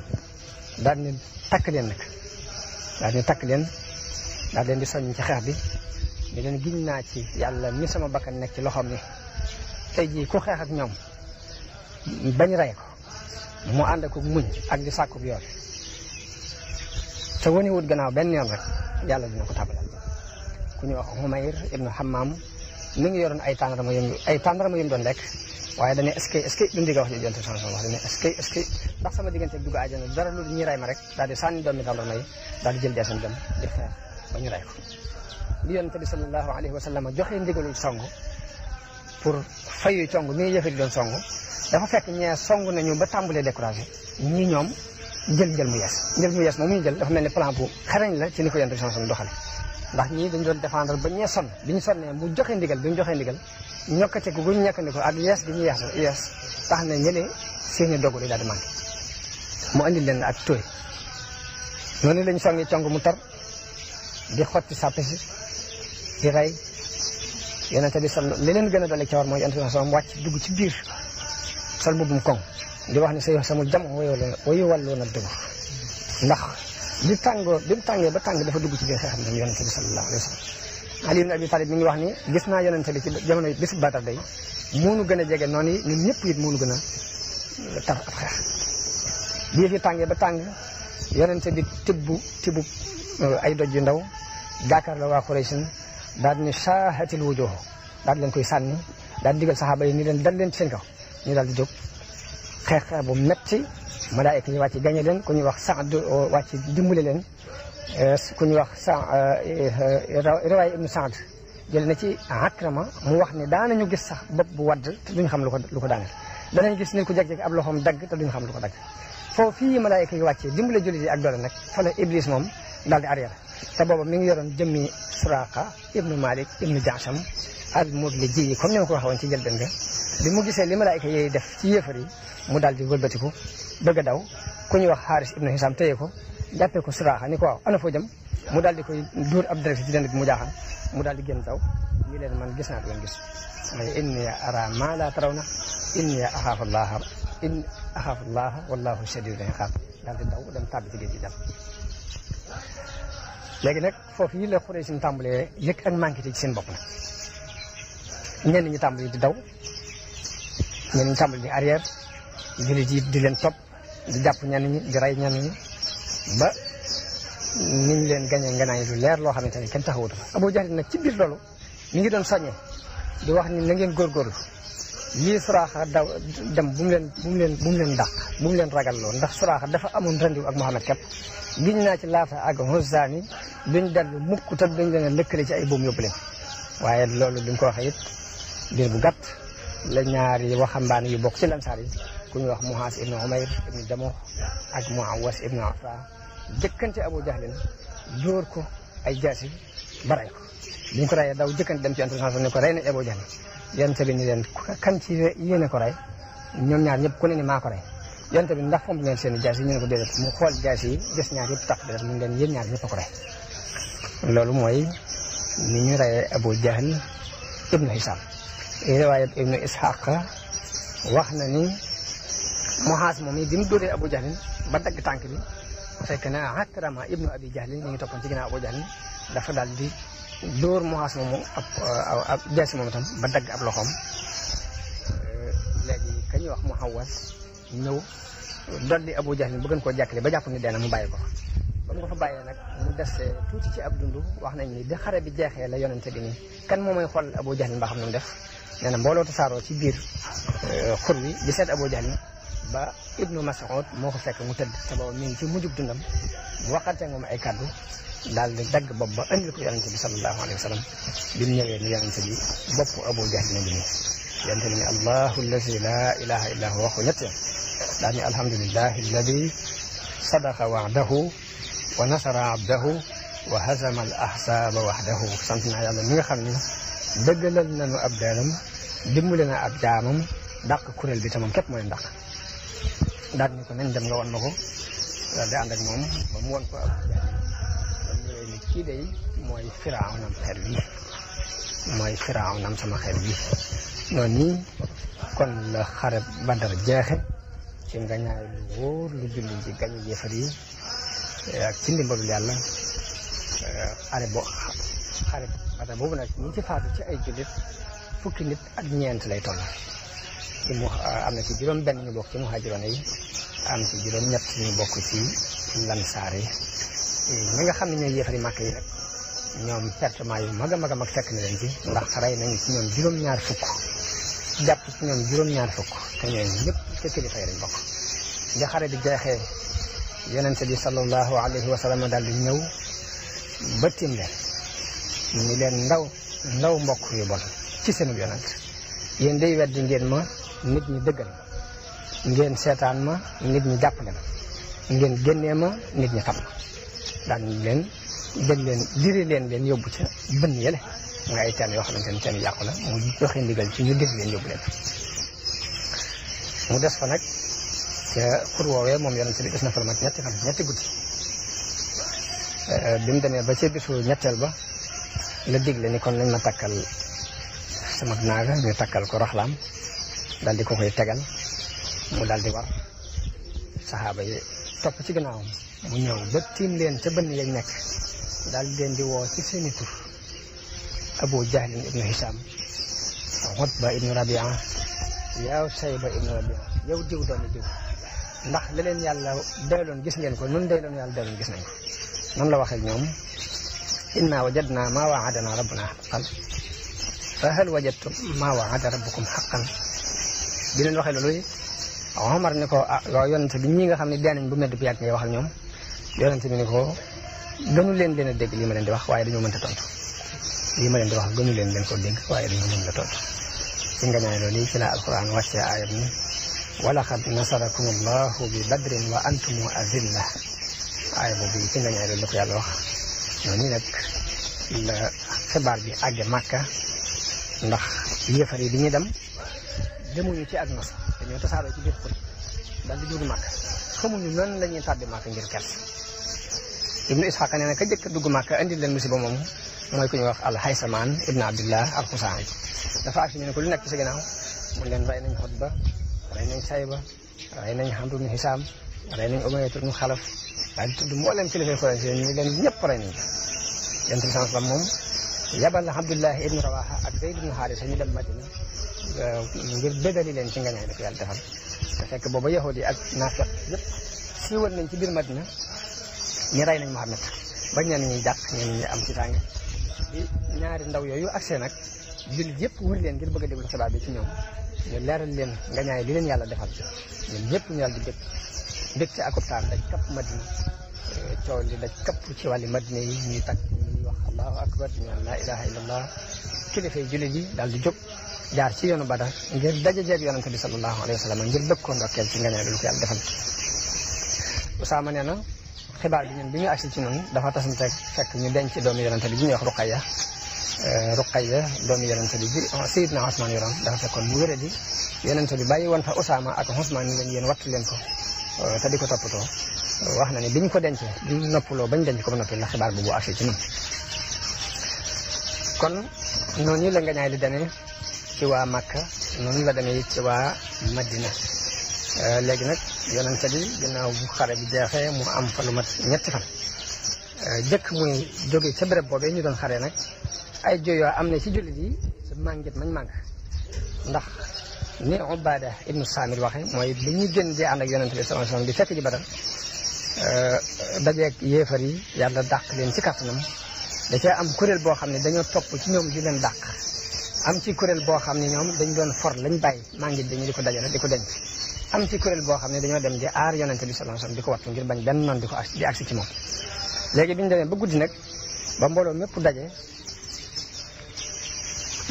daal ni takk leen nag daal ni takk leen daal leen di soññ ci xeex bi di leen giñ naa ci yàlla mi sama bakkan nekk ci loxoom ni tey jii ku xeex ak ñoom bañ rey ko mu ànd ko muñ ak di sàkku yoon te wane wut gannaaw benn yoon rek yàlla dina ko tabalal ku ñu wax Humayr ibnu Hammam mi ngi yoroon ay tàndarma yu ay tàndarma yu doon lekk waaye dañuy est-ce que est-ce que duñ digga wax ñu jonte chanson wax dañuy est-ce que est-ce que ndax sama diggante ma rek daal di sànni doomi tàndarma yi daal di jël deesam dem di xeex ba ñu rey ko li yonent bi sallallahu alayhi wa sallam joxe ndigalul song pour fayu cong mi yëfit doon song dafa fekk ñee song nañu ba tàmbalee découragé ñi ñoom jël njël mu yees njël mu yees moom mu ñu jël dafa mel ni plan bu xarañ la ci ni ko yonent bi sallallahu alayhi wasallam doxale ndax ñii dañu doon ba ñee sonn bi ñu sonnee mu joxe ndigal bi mu joxee ndigal ñokkate ko guñ ñekkandiku ak yees gi ñu yees yees tax na ñëlee seeni dogu li daal di manqué mu andi leen ak tóoy noonu lañ songi cong mu tar di xotti sàpp di rey yonente bi sal li leen gën a doole ca war mooy yonente bi sallam wàcc dugg ci biir sol bubbum koŋ di wax ni say sama jam wayu wàllu na dëgg ndax li tàngoo bi mu tàngee ba tàng dafa dugg ci biir xeexam moom yonente bi sallallahu alayhi wa sallam ali ibn abi talib mi ngi wax ni gis naa yonente bi ci jamono bis badar day moonu gën a jege noonu yi ñun ñëpp it moonu gën a tar ab xeex bii fi tàngee ba tàng yonente bi tibb tibb ay doj yu ndaw jàkkaar waa Quraysh dal ni saahatil wujuh dal leen koy sànni dal digal sahaba yi ni len dal len ci seen kaw ni dal di jóg xex bu metti malaika ñu wàcc gañe len ku ñu wax Saad wàcc dimbale leen ku ñu wax sa riwaay ibn sa'd jël na ci Akrama mu wax ni da nañu gis sax bop bu wad te duñ xam lu ko lu ko daaneel danañ gis ni ku jek jek ab loxom dag te duñ xam lu ko dagg foofu fii malaayika yi wàccee dimbale jullit yi ak doole nak fa la Iblis mom dal di arrière te booba mi ngi yoroon jëmmi Suraaqa ibnu Malik ibnu Jaasam al mudliji yi comme ni ma ko waxee ci njëlbeen ga bi mu gisee li malaayka yooyu def ci mu dal di wëlbatiku bëgg a daw ku ñuy wax Xaaris ibnu Hisaam téye ko jàppee ko Suraaqa ni ko waaw ana mu daal di koy dóor ab direct ci bi mu jaaxal mu daal di génn daw ñu leen man gis naa du ngeen gis mooy ara ma la tarawna inni axaafu llaaha in axaafu llaaha wallaahu shadiidul iqaab daal di daw dem tàbbi ci géej gi légui nak fofu yi la xuree suñu tàmbalee yëg ak manqué ci seen bop nag ñen ñi tambalé ya kan di daw ñen ñi tambalé di arrière jullit yi di len top di japp ñen ñi di ray ñen ñi ba ñu len gagné nganaay lu leer lo xamné tane ken taxawu fa. abou jahid nak ci bir lolu ñi ngi doon sañé di wax ni na ngeen gor lii suraaxa daw dem bu mu leen bu mu leen bu mu leen bu mu ragal lo ndax suraha dafa amoon rendiw ak Muhammad kep giñ naa ci laata ak Uzza ni duñ dellu mukk te duñ leen a ci ay buum yóbbu leen waaye loolu duñ ko waxee it bu gàtt la ñaari waxambaane yi bokk ci lansaar yi ku ñuy wax Muhaas ibnu Umayr ibnu Jamuh ak Muawas ibnu Afra jëkkante Abu Jahlin dóor ko ay jaasi ba rey ko biñ ko rayee daw jëkkante dem ci Yonent bi ne ko rey nañ Abu Jahlin bi ni leen kan ci yéen ko rey ñoom ñaar ñëpp ku ne ni maa ko rey yonent bi ndax ëmb ngeen seen i jaas yi ñu ne ko déedéet mu xool jaas yi gis ñaar yëpp tax déedéet leen yéen ñaar ñëpp ko loolu mooy ni ñu reyee Abu Jahl ibnu Hisam riwaayat ibnu Ishaq wax na ni Muhaas moom yi bi mu Abu Jahl ba dagg tànk bi fekk na Akrama ibnu Abi Jahl ñu ngi toppoon ci ginnaaw Abu Jahl dafa daal di dóor Muhaas moomu ab ab moom itam ba dagg ab loxoom léegi kañ wax Muhawas ñew dolli abu Jahni bëggoon ko jàkkale ba japp ni dee mu bayiko ko ba mu fa bàyyee nak mu des tuuti ci ab dund wax nañ ni de xare bi jexé la yonenté bi ni kan moo may xool abu Jahni ba xam nu def nee mbolo mbooloo tasaaroo ci bir euh, xur wi di seet abu Jahni, ba ibnu mas'ud moko fekk mu tedd te baw mi ngi ci mujub dundam mu waxante moom ay kaddu dal di dag bob ba andi ko yonente bi sallallahu alayhi wasallam bi ni yonente bi bop abu Jahni bi nii yonente bi Allahul allahu la ilaha illa huwa waxu يعني الحمد لله الذي صدق وعده ونصر عبده وهزم الاحزاب وحده سنتنا يا الله مي خامي دغل لنا ابدالم دم لنا ابدامم داك كورل بي تمام كيب مولن داك داك نكو نين دم لو نكو دا اندك موم بام وون كو ابدالم ني كي داي موي فرعون ام بيرلي موي فرعون ام سما خير بي نوني كون لا خرب بدر جاخه ci ngañaay lu wóor lu julli ci gañu yéefar yi eh, ak ci ndimbalul yàlla xare eh, bo xare bata boobu nag ñi ci faatu ci ay jullit fukki nit ak ñeent lay toll ci mu am na ci juróom benn ñu bokk ci muhaajiroon yi am ci juróom ñett ñu bokk ci lan lansaar yi ñi nga xam ne ñooy yéefari yi rek ñoom yu mag a mag a mag fekk na leen ci ndax rey nañ ci ñoom juróom-ñaar fukk jàpp ci ñoom juróom-ñaar fukk te ñooñu ñëpp ci kilifa yi lañ bokk nga xare bi jeexee yonente bi sallallahu alayhi wa sallam daal di ñëw bëttim leen ni leen ndaw ndaw mbokk yi bon ci seenub yonent yéen de weddi ngeen ma nit ñi dëggal ngeen seetaan ma nit ñi jàppale ma ngeen génnee ma nit ñi xam ma daan leen jël leen diri leen leen yóbbu ca bën yële nga ay teen yoo xamante ni teen yàqu la mu joxe ndigal ci ñu diri leen yóbbu leen mu des fa nag te woowee moom yonent bi des na fa nag ñetti fan ñetti guddi euh, bi mu demee ba ca bisu ñetteel ba la digle ni kon nañ ma takkal sama naaga ñu takkal ko roxlaam dal di ko koy tegal mu daal di war saxaaba yi topp ci gannaawam mu ñëw ba tiim leen ca bënn yañ nekk daal di di woo ci seeni tur abu jahlin ibnu hisam utba ibnu rabia yow Sayba ibn Rabi'a yow diw doomi ndax li leen yàlla doyloon gis ngeen ko nun doyloon yàlla doyloon gis nañ ko noonu la waxee ñoom inna wajadna ma waadana rabbuna haqqan fa hal wajadtum ma waada rabbukum haqqan bi leen waxee loolu Omar ni ko ah waaw yonente bi ñi nga xam ne dee nañ bu medd bu yàgg ngay wax ak ñoom yonente bi ni ko gënu leen leen dégg li ma leen di wax waaye dañoo mënta tontu lii ma leen wax gënu leen leen ko dégg waaye dañoo mën la tontu ci ngañaay loolu yi ci la alquran wàccee aayam ni walaxad nasarakum allahu bi badrin wa antum azilla aaya boobu ci ko yàlla wax noonu nag la xibaar bi àgge màkka ndax yéefar yi bi ñu dem demuñu ci ak nos dañoo tasaaroo ci biir xur dal di dugg màkka xamuñu noonu la ñuy tàbbi màkka ngir kers ibnu isxaqa nee na ka jëkk dugg màkka indil leen ba moomu mooy ku ñuy wax al Haysamaan ibn Abdillah al Xusaan dafa agsi ñu ne ko lu nekk ci sa ginnaaw mun leen rey nañ Xutba rey nañ Sayba rey nañ Amru ibn Hisaam rey nañ Umayya ibn Xalaf daal di tudd mboolem kilifa Quraysh ñu ne leen ñëpp rey nañ yéen tamit sans moom yabal Abdullah ibn Rawaha ak Zayd ibn Haarisa ñu dem Madina ngir bégali leen ci ngañaay bi ko yàlla defal te fekk booba yahudi ak naafeq yëpp siiwal nañ ci biir Madina ñu rey nañ Muhammad bañ na ñuy jàpp ñenn ñi am ci tànge bi ñaari ndaw yooyu accès nag jullit yëpp wër leen ngir bëgg a déglu xibaar bi ci ñoom ñu leeral leen nga ñaay li leen yàlla defal ñun ñëpp ñu daal di dégg dégg ci akutaan daj kapp madina eh, coow li daj kapp ci wàllu madina yi ñuy takk ñuy wax allahu akbar ñu naan laa ilaha illallah kilifa yi jullit yi daal di jóg jaar ci yoonu Badar ngir daje jeeg yonante bi sallallahu alayhi wa sallam ngir dëkkoon ndokkeel ci nga ñaay lu ko yàlla defal Usaama nee na xibaar bi ñun bi ñu agsi ci ñun dafa tasanteeg fekk ñu denc doomu yonente bi bi ñuy wax Ruqayya euh, Ruqayya doomu yonente bi bi ah, Seydina Usmaan yoroon dafa fekkoon mu wéré di yonente bi bàyyi woon fa Usaama ak Usmaan ni leen yéen wattu leen ko euh, te di ko toppatoo euh, wax na ne bi ñu ko dencee di noppaloo bañ denc ko ba noppi la xibaar boobu agsi ci ñun kon noonu la nga ñaay di demee ci waa Makka noonu la demee ci waa Madina Euh, léegi nag yonente di ginnaaw bu xare bi jeexee mu am fa ñetti fan euh, jëkk muy jóge ca béréb boobee ñu doon xaree nag ay joyoo am na ci jullit yi ci màngit mañ màng ndax ni Ubaada ibnu Saamil waxe mooy bi ñu gën di ànd ak yonente bi sallallahu di fekk ji Badar euh, dajeeg yéefar yi yàlla dàq leen ci kàttanam da cee am kuréel boo xam ne dañoo topp ci ñoom di leen dàq am ci kuréel boo xam ne ñoom dañ doon for lañ bàyyi màngit dañu di ko dajale di ko denc am ci kuréel boo xam ne dañoo dem di aar yonente bi sallallahu alayhi di ko wattu ngir bañ benn noon di ko di agsi ci moom léegi bi ñu ba guddi nag ba mbooloo mépp daje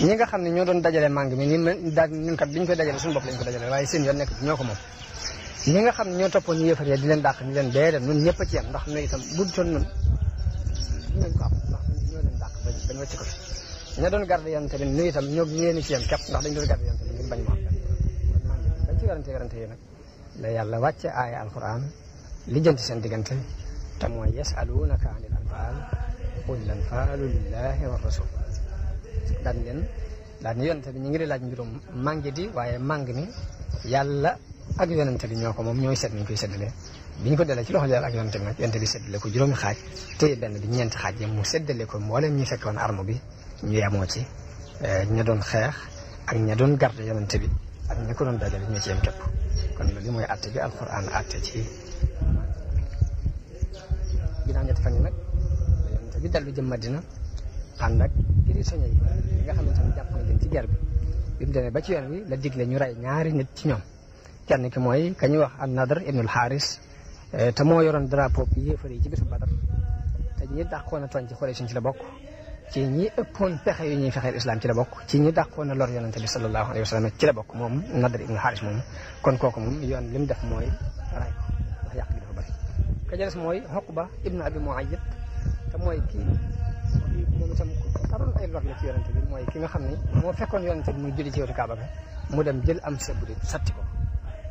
ñi nga xam ne ñoo doon dajale màng mi ni daal ñun kat ñu koy dajale suñu bopp lañ ko dajale waaye seen ñoo ko moom ñi nga xam ne ñoo toppoon ñu yëfaree di leen dàq ñu leen dee nun ñëpp a ci yem ndax ñun itam bu doon nun lañ ko am ndax ñoo leen dàq bañ wàcc ko fi ña doon garde yoon tamit nu itam ñoo leen ci yem képp ndax dañ doon garde yoon ngir bañ mu diggante werante werante yi nag la yàlla wàcce aaya alquran lijjanti seen diggante te mooy yasalunaka anil anfaal qul lanfaalu lillahi wa la daan leen daan yonente bi ñu ngi di laaj mbirum màngi di waaye màng mi yàlla ak yonente bi ñoo ko moom ñooy seet nañ koy séddale bi ñu ko delee ci loxo yàlla ak yonente bi nag ko bi séddale ko juróomi xaaj te benn bi ñeenti xaaj yi mu séddale ko mboolem ñi fekkoon arme bi ñu yemoo ci eh, ña doon xeex ak ña doon garde yonente bi ak ñi ko doon dajale ñoo ci yem képp kon loolu mooy àtte bi alquran àtte ci ginnaaw ñetti fan yi nag yonent bi dellu jëm Madina ànd ak giri soñe yi li nga xamante ni jàpp na leen ci ger bi bi mu demee ba ci yoon wi la digle ñu rey ñaari nit ci ñoom kenn ki mooy ka ñuy wax an nadr ibnul xaaris eh, te moo yoroon drapeau bi yéefar yi ci bisu badar te ñi dàqoon na tooñ ci xore suñ ci la bokk ci ñi ëppoon pexe yu ñuy fexeel islam ci la bokk ci ñi dàqoon a lor yonente bi sallallahu alayhi wa sallam ci la bokk moom Nadr ibn Xaaris moom kon kooku moom yoon li mu def mooy ray ko ndax yàq gi dafa bëri ka ca des mooy Uqba ibn Abi Muayyid te mooy kii moom itam ku taroon ay lor la ci yonente bi mooy ki nga xam ni moo fekkoon yonente bi muy julli ci wetu Kaaba ga mu dem jël am sëb bu satti ko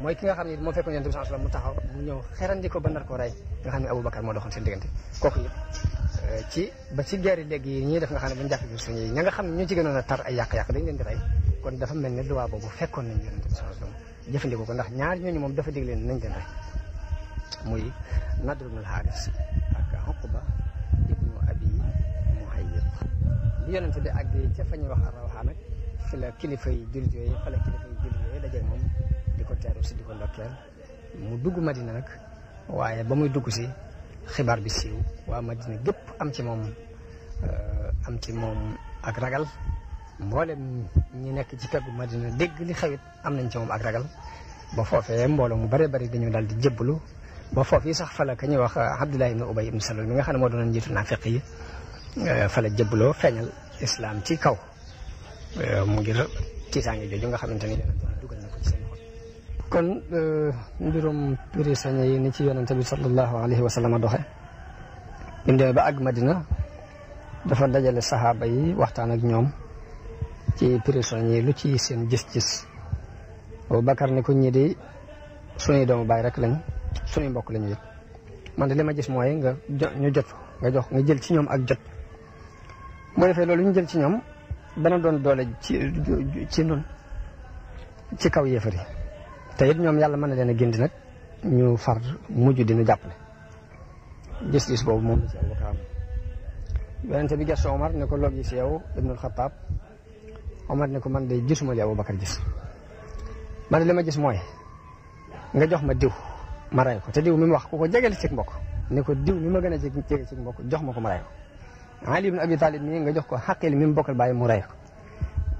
mooy ki nga xam ne moo fekkoon yonent bi sallallahu alayhi wasallam mu taxaw mu ñëw xerandi ko ba nar ko rey nga xam ne Aboubacar moo doxoon seen diggante kooku euh, ci ba ci guerre yi léegi yi ñuy def nga xam ne buñu jàpp bi suñu yi xam ne ñu ci gënoon a tar ay yàq-yàq dañ leen di rey kon dafa mel ne luwaa boobu fekkoon nañ yonent bi sallallahu alayhi wasallam jëfandikoo ko ndax ñaar ñooñu moom dafa dig leen nañ leen rey muy Nadr ibn al-Haris ak Uqba ibnu Abi Muhayyid bi yonent bi ak ca fa ñuy wax arrawxaa nag fi la kilifa yi la kilifa yi jullit yooyu daje moom di ko teeru si di ko mu dugg Madina nag waaye ba muy dugg si xibaar bi siiw waa Madina gépp am ci moom euh, am ci moom ak ragal mboolem ñu nekk ci peggu Madina dégg li xewit am nañ ci moom ak ragal ba foofee mbooloo mu bare bari dañu daal di jébbalu ba foofu yi sax fala ka ñuy wax euh, Abdullah ibn Ubay ibn Salul mi nga xam ne moo doon njiitu naafiq yi euh, fala jébbaloo feeñal islam ci kaw mu ngir tiitaange jooju nga xamante ni kon e, mbirum prisonniers yi ni ci yonente bi sallallahu alayhi wa sallam doxe bi ba ak Madina dafa dajale saxaaba yi waxtaan ak ñoom ci prisonniers yi lu ci seen gis-gis Abu Bakar ne ko ñi di suñuy doomu baay rek lañ suñuy mbokk lañu yëg man de ma gis mooy nga ñu jot nga jox nga jël ci ñoom ak jot bu defee loolu ñu jël ci ñoom dana doon doole ci ci nun ci kaw yéefar yi te it ñoom yàlla mën na leen a gindi nag ñu far mujj dinu jàppale gis-gis boobu moom la si Abubakar am yonente bi gëstu Omar ne ko loo gis yow Ibnul Xattaab Omar ko man de gisuma li Abubakar gis man de li gis mooy nga jox ma diw ma rey ko te diw mi mu wax ku ko jegele mbokk ne ko diw mi ma gën a jege ci mbokk jox ma ko ma rey ko Ali ibn Abi Talib mii nga jox ko xaqil mi mu bokkal bàyyi mu rey ko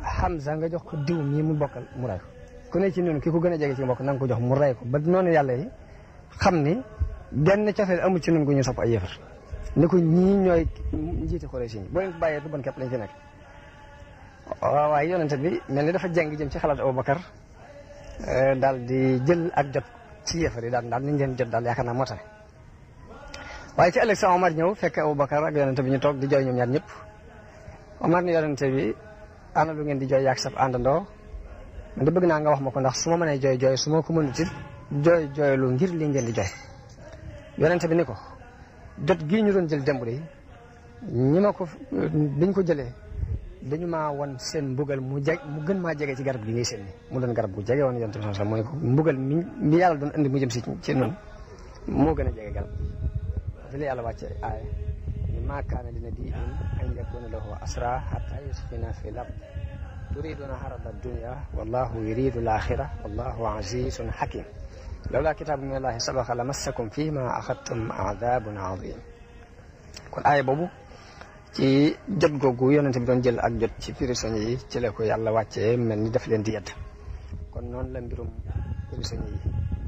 Hamza nga jox ko diw mii mu bokkal mu rey ku ne ci noonu ki ko gën a jege ci mbokk na nga ko jox mu rey ko ba noonu yàlla yi xam ni benn cofeel amul ci noonu gu ñu sopp ay yëfar ni ko ñii ñooy njiite xoree si ñi boo leen ko bàyyee du bon lañ ci nekk. waaye yonente bi mel ni dafa jàng jëm ci xalaat Abubakar euh, dal di jël ak jot ci yëfar yi daal daal nañ leen jot daal yaakaar naa moo tax waaye ci ëllëg Omar ñëw fekk Abubakar ak yonente bi ñu toog di jooy ñoom ñaar ñëpp Omar ni yonente bi ana lu ngeen di jooy yaak sab àndandoo man de bëgg naa nga wax ma ko ndax su ma mënee jooy jooy su ko mënut it jooy jooylu ngir li ngeen di jooy yonente bi ni ko jot gii ñu doon jël démb de ñu ma ko biñ ko jëlee dañu maa wan seen mbugal mu jeg mu gën maa jege ci garab gi ngay seen mu doon garab gu jege woon yonente bi sallallahu alayhi wasallam mooy ko mbugal mi mi yàlla doon indi mu jëm si ci noonu moo gën a jege garab bi la yàlla wàcce aaya ni maa kaana li nabiyyin an yakuna lahu asra hatta yuskhina fil ard تريدنا عرض الدنيا والله يريد الآخرة والله عزيز حكيم لولا كتاب من الله سبق لمسكم فيما أخذتم عذاب عظيم كل آية بابو تي جد جوجو يوم نتبي نجل أجد تفير سني تلا كوي الله واتي من ندفل ديت كن نون لمبروم سني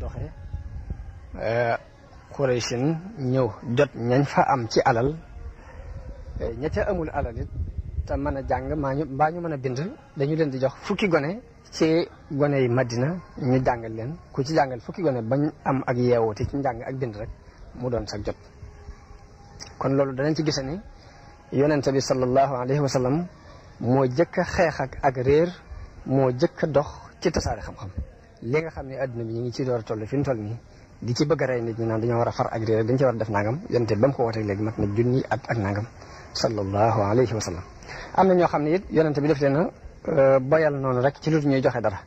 دخة قريشين نيو جد نينفع أم تي ألال نتا أمول ألال te mën a jàng maa ñu mbaa ñu mën a bind dañu leen di jox fukki gone ci gone yi Madina ñu jàngal leen ku ci jàngal fukki gone bañ am ak yeewooti ci njàng ak bind rek mu doon sax jot kon loolu danañ ci gise ni yonente bi sallallahu alayhi wa sallam moo jëkk a xeex ak ak réer moo jëkk dox ci tasaare xam-xam li nga xam ne adduna bi ñu ngi ci door a toll fi mu toll nii di ci bëgg a rey nit ñi naan dañoo war a far ak réer dañ ci war a def nangam yonente ba mu ko wootee léegi mat na junni at ak nangam sallallahu alayhi wa sallam am na ñoo xam ne it yonent bi def leen a boyal noonu rek ci lu ñuy joxe dara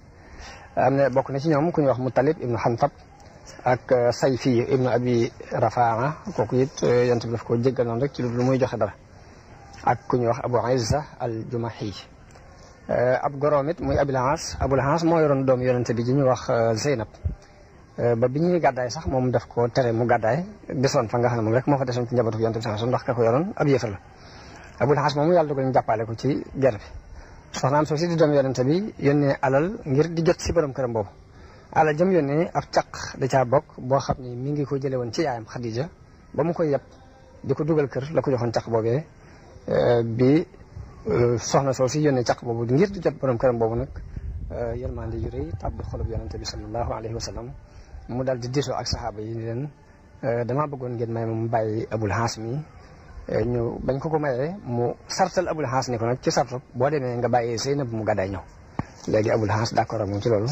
am na bokk na ci ñoom ku ñuy wax Mutalib ibnu Xantab ak Sayfi ibnu Abi Rafaa kooku it yonent bi daf ko jéggal noonu rek ci lu muy joxe dara ak ku ñuy wax Abu Izza al Jumahi ab goroom it muy Abul Aas Abul Aas moo yoroon doom yonent bi ji ñuy wax Zeynab ba bi ñuy gàddaay sax moom daf ko tere mu gàddaay desoon fa nga xam ne moom rek moo fa desoon ci njabootu yonent bi sax ndax ka ko yoroon ab yëfar la Abul Xaas moomu yàlla dogal ñu jàppale ko ci guerre bi soxnaam soo si di doom yonente bi yónnee alal ngir di jot si borom këram boobu alal jëm yónnee ab caq da caa bokk boo xam ne mi ngi ko jëlee woon ci yaayam Xadija ba mu koy yeb di ko dugal kër la ko joxoon caq boobee euh, bi euh, soxna soo si yónnee caq boobu ngir di jot borom këram boobu nag euh, yërmande ju rëy tàbbi xolub yonente bi sallallahu alayhi wa sallam mu daal di diisoo ak saxaaba yi ni leen damaa bëggoon ngeen may mu bàyyi Abul Xaas mi ñu bañ ko ko mayee mu sartal abul xaas ni ko nag ci sartu boo demee nga bàyyee Zeynab mu gàddaay ñëw léegi abul xaas d'accord mu moom ci loolu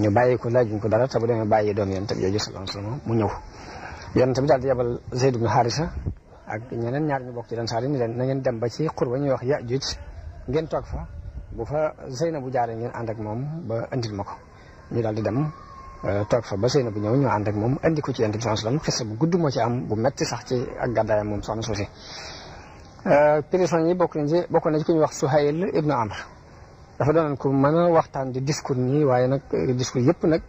ñu bàyyi ko laajuñ ko dara te bu demee bàyyi doom yonent bi yooyu sallallahu alayhi wasallam mu ñëw yonent bi daal di yebal Zeyd ibn Haarisa ak ñeneen ñaar ñu bokk ci Ansaar yi ni leen na ngeen dem ba ci xur ba ñuy wax Yaajuuj ngeen toog fa bu fa Zeynab bu jaaree ngeen ànd ak moom ba andil ma ko ñu daal di dem Euh, toog fa ba sëy na bu ñëw ñu ànd ak moom andi ko ci yonent bi sallallahu alayhi wasallam xisa bu gudd moo ci am bu metti sax ci ak gàddaayam moom soxna suusi prison euh, yi bokk nañ ci bokk nañ ci ku ñuy wax Suhayl ibnu Amr dafa doonoon ko mën a waxtaan di discours nii waaye nag euh, discours yëpp nag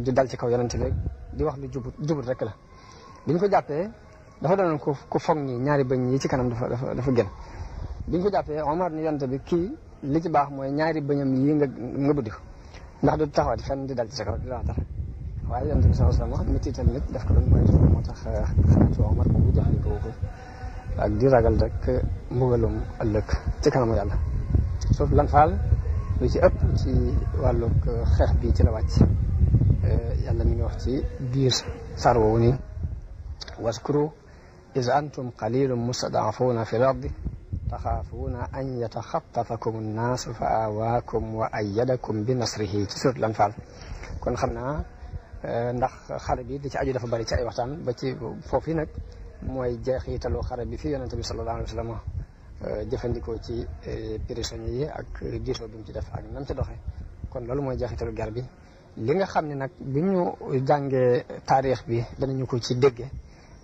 di dal ci kaw yonent bi di wax lu jubut jubut rek la biñ ko jàppee dafa doonoon ko ku foog ñi ñaari bëñ yi ci kanam dafa dafa dafa gën biñ ko jàppee Omar ni yonent bi kii li ci baax mooy ñaari bëñam yi nga nga buddi ko ndax du taxawati fenn di dal ci sa kaw di la dara waaye yonent bi sallallahu alayhi wa sallam wax nit itam nit daf ko doon moytu moo tax xalaatu Omar bu jëfandikoo ko ak di ragal rek mbugalum ëllëg ci kanamu yàlla suuf lan faal lu ci ëpp ci wàllug xeex bi ci la wàcc yàlla mi ngi wax ci biir sar woowu nii waskuru is antum qalilum mustadafuna fi l ardi تخافون أن يتخطفكم الناس فآواكم وأيدكم بنصره ci suuratul Anfaal kon xam naa ndax xare bi di ci aju dafa bëri ci ay waxtaan ba ci foofu nag mooy jeexitalu xare bi fii yonente bi sallallahu alayhi wa sallam jëfandikoo ci prisonniers yi ak diisoo bi mu ci def ak nam ci doxee kon loolu mooy jeexitalu gar bi li nga xam ne nag bi ñu jàngee taarix bi danañu ko ci dégge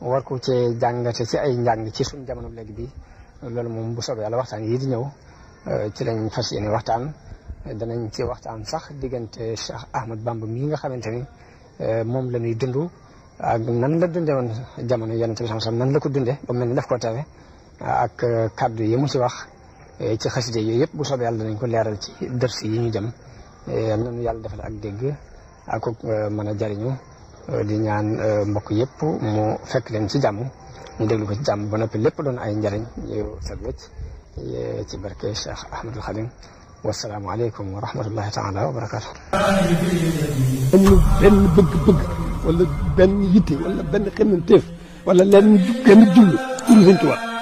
war ko cee jàngate ci ay njàng ci suñ jamono léegi bi loolu moom bu soobee yàlla waxtaan yii di ñëw euh, ci lañ fas yéene waxtaan danañ ci waxtaan sax diggante Cheikh Ahmad Bamba mii nga xamante ni euh, moom la ñuy ak nan la dunde woon jamono yonente bi sam nan la ko dunde ba mel ni def koo teewe ak kàddu yi mu ci wax euh, ci xaside yooyu yëpp bu soobee yàlla danañ ko leeral ci dërs yi ñu dem nanu yàlla defal ak dégg ak mën a jariñu di ñaan mbokk yëpp mu fekk leen ci jàmm ñu déglu ko ci jàmm ba noppi lépp doon ay njariñ yu set wecc ci barke Cheikh Ahmadul Xadim wasalaamualeykum wa rahmatullahi taala wa barakaatu. amul benn bëgg-bëgg wala benn yitte wala benn xemmanteef wala lenn benn jullu jullu Sëñ Tuubaa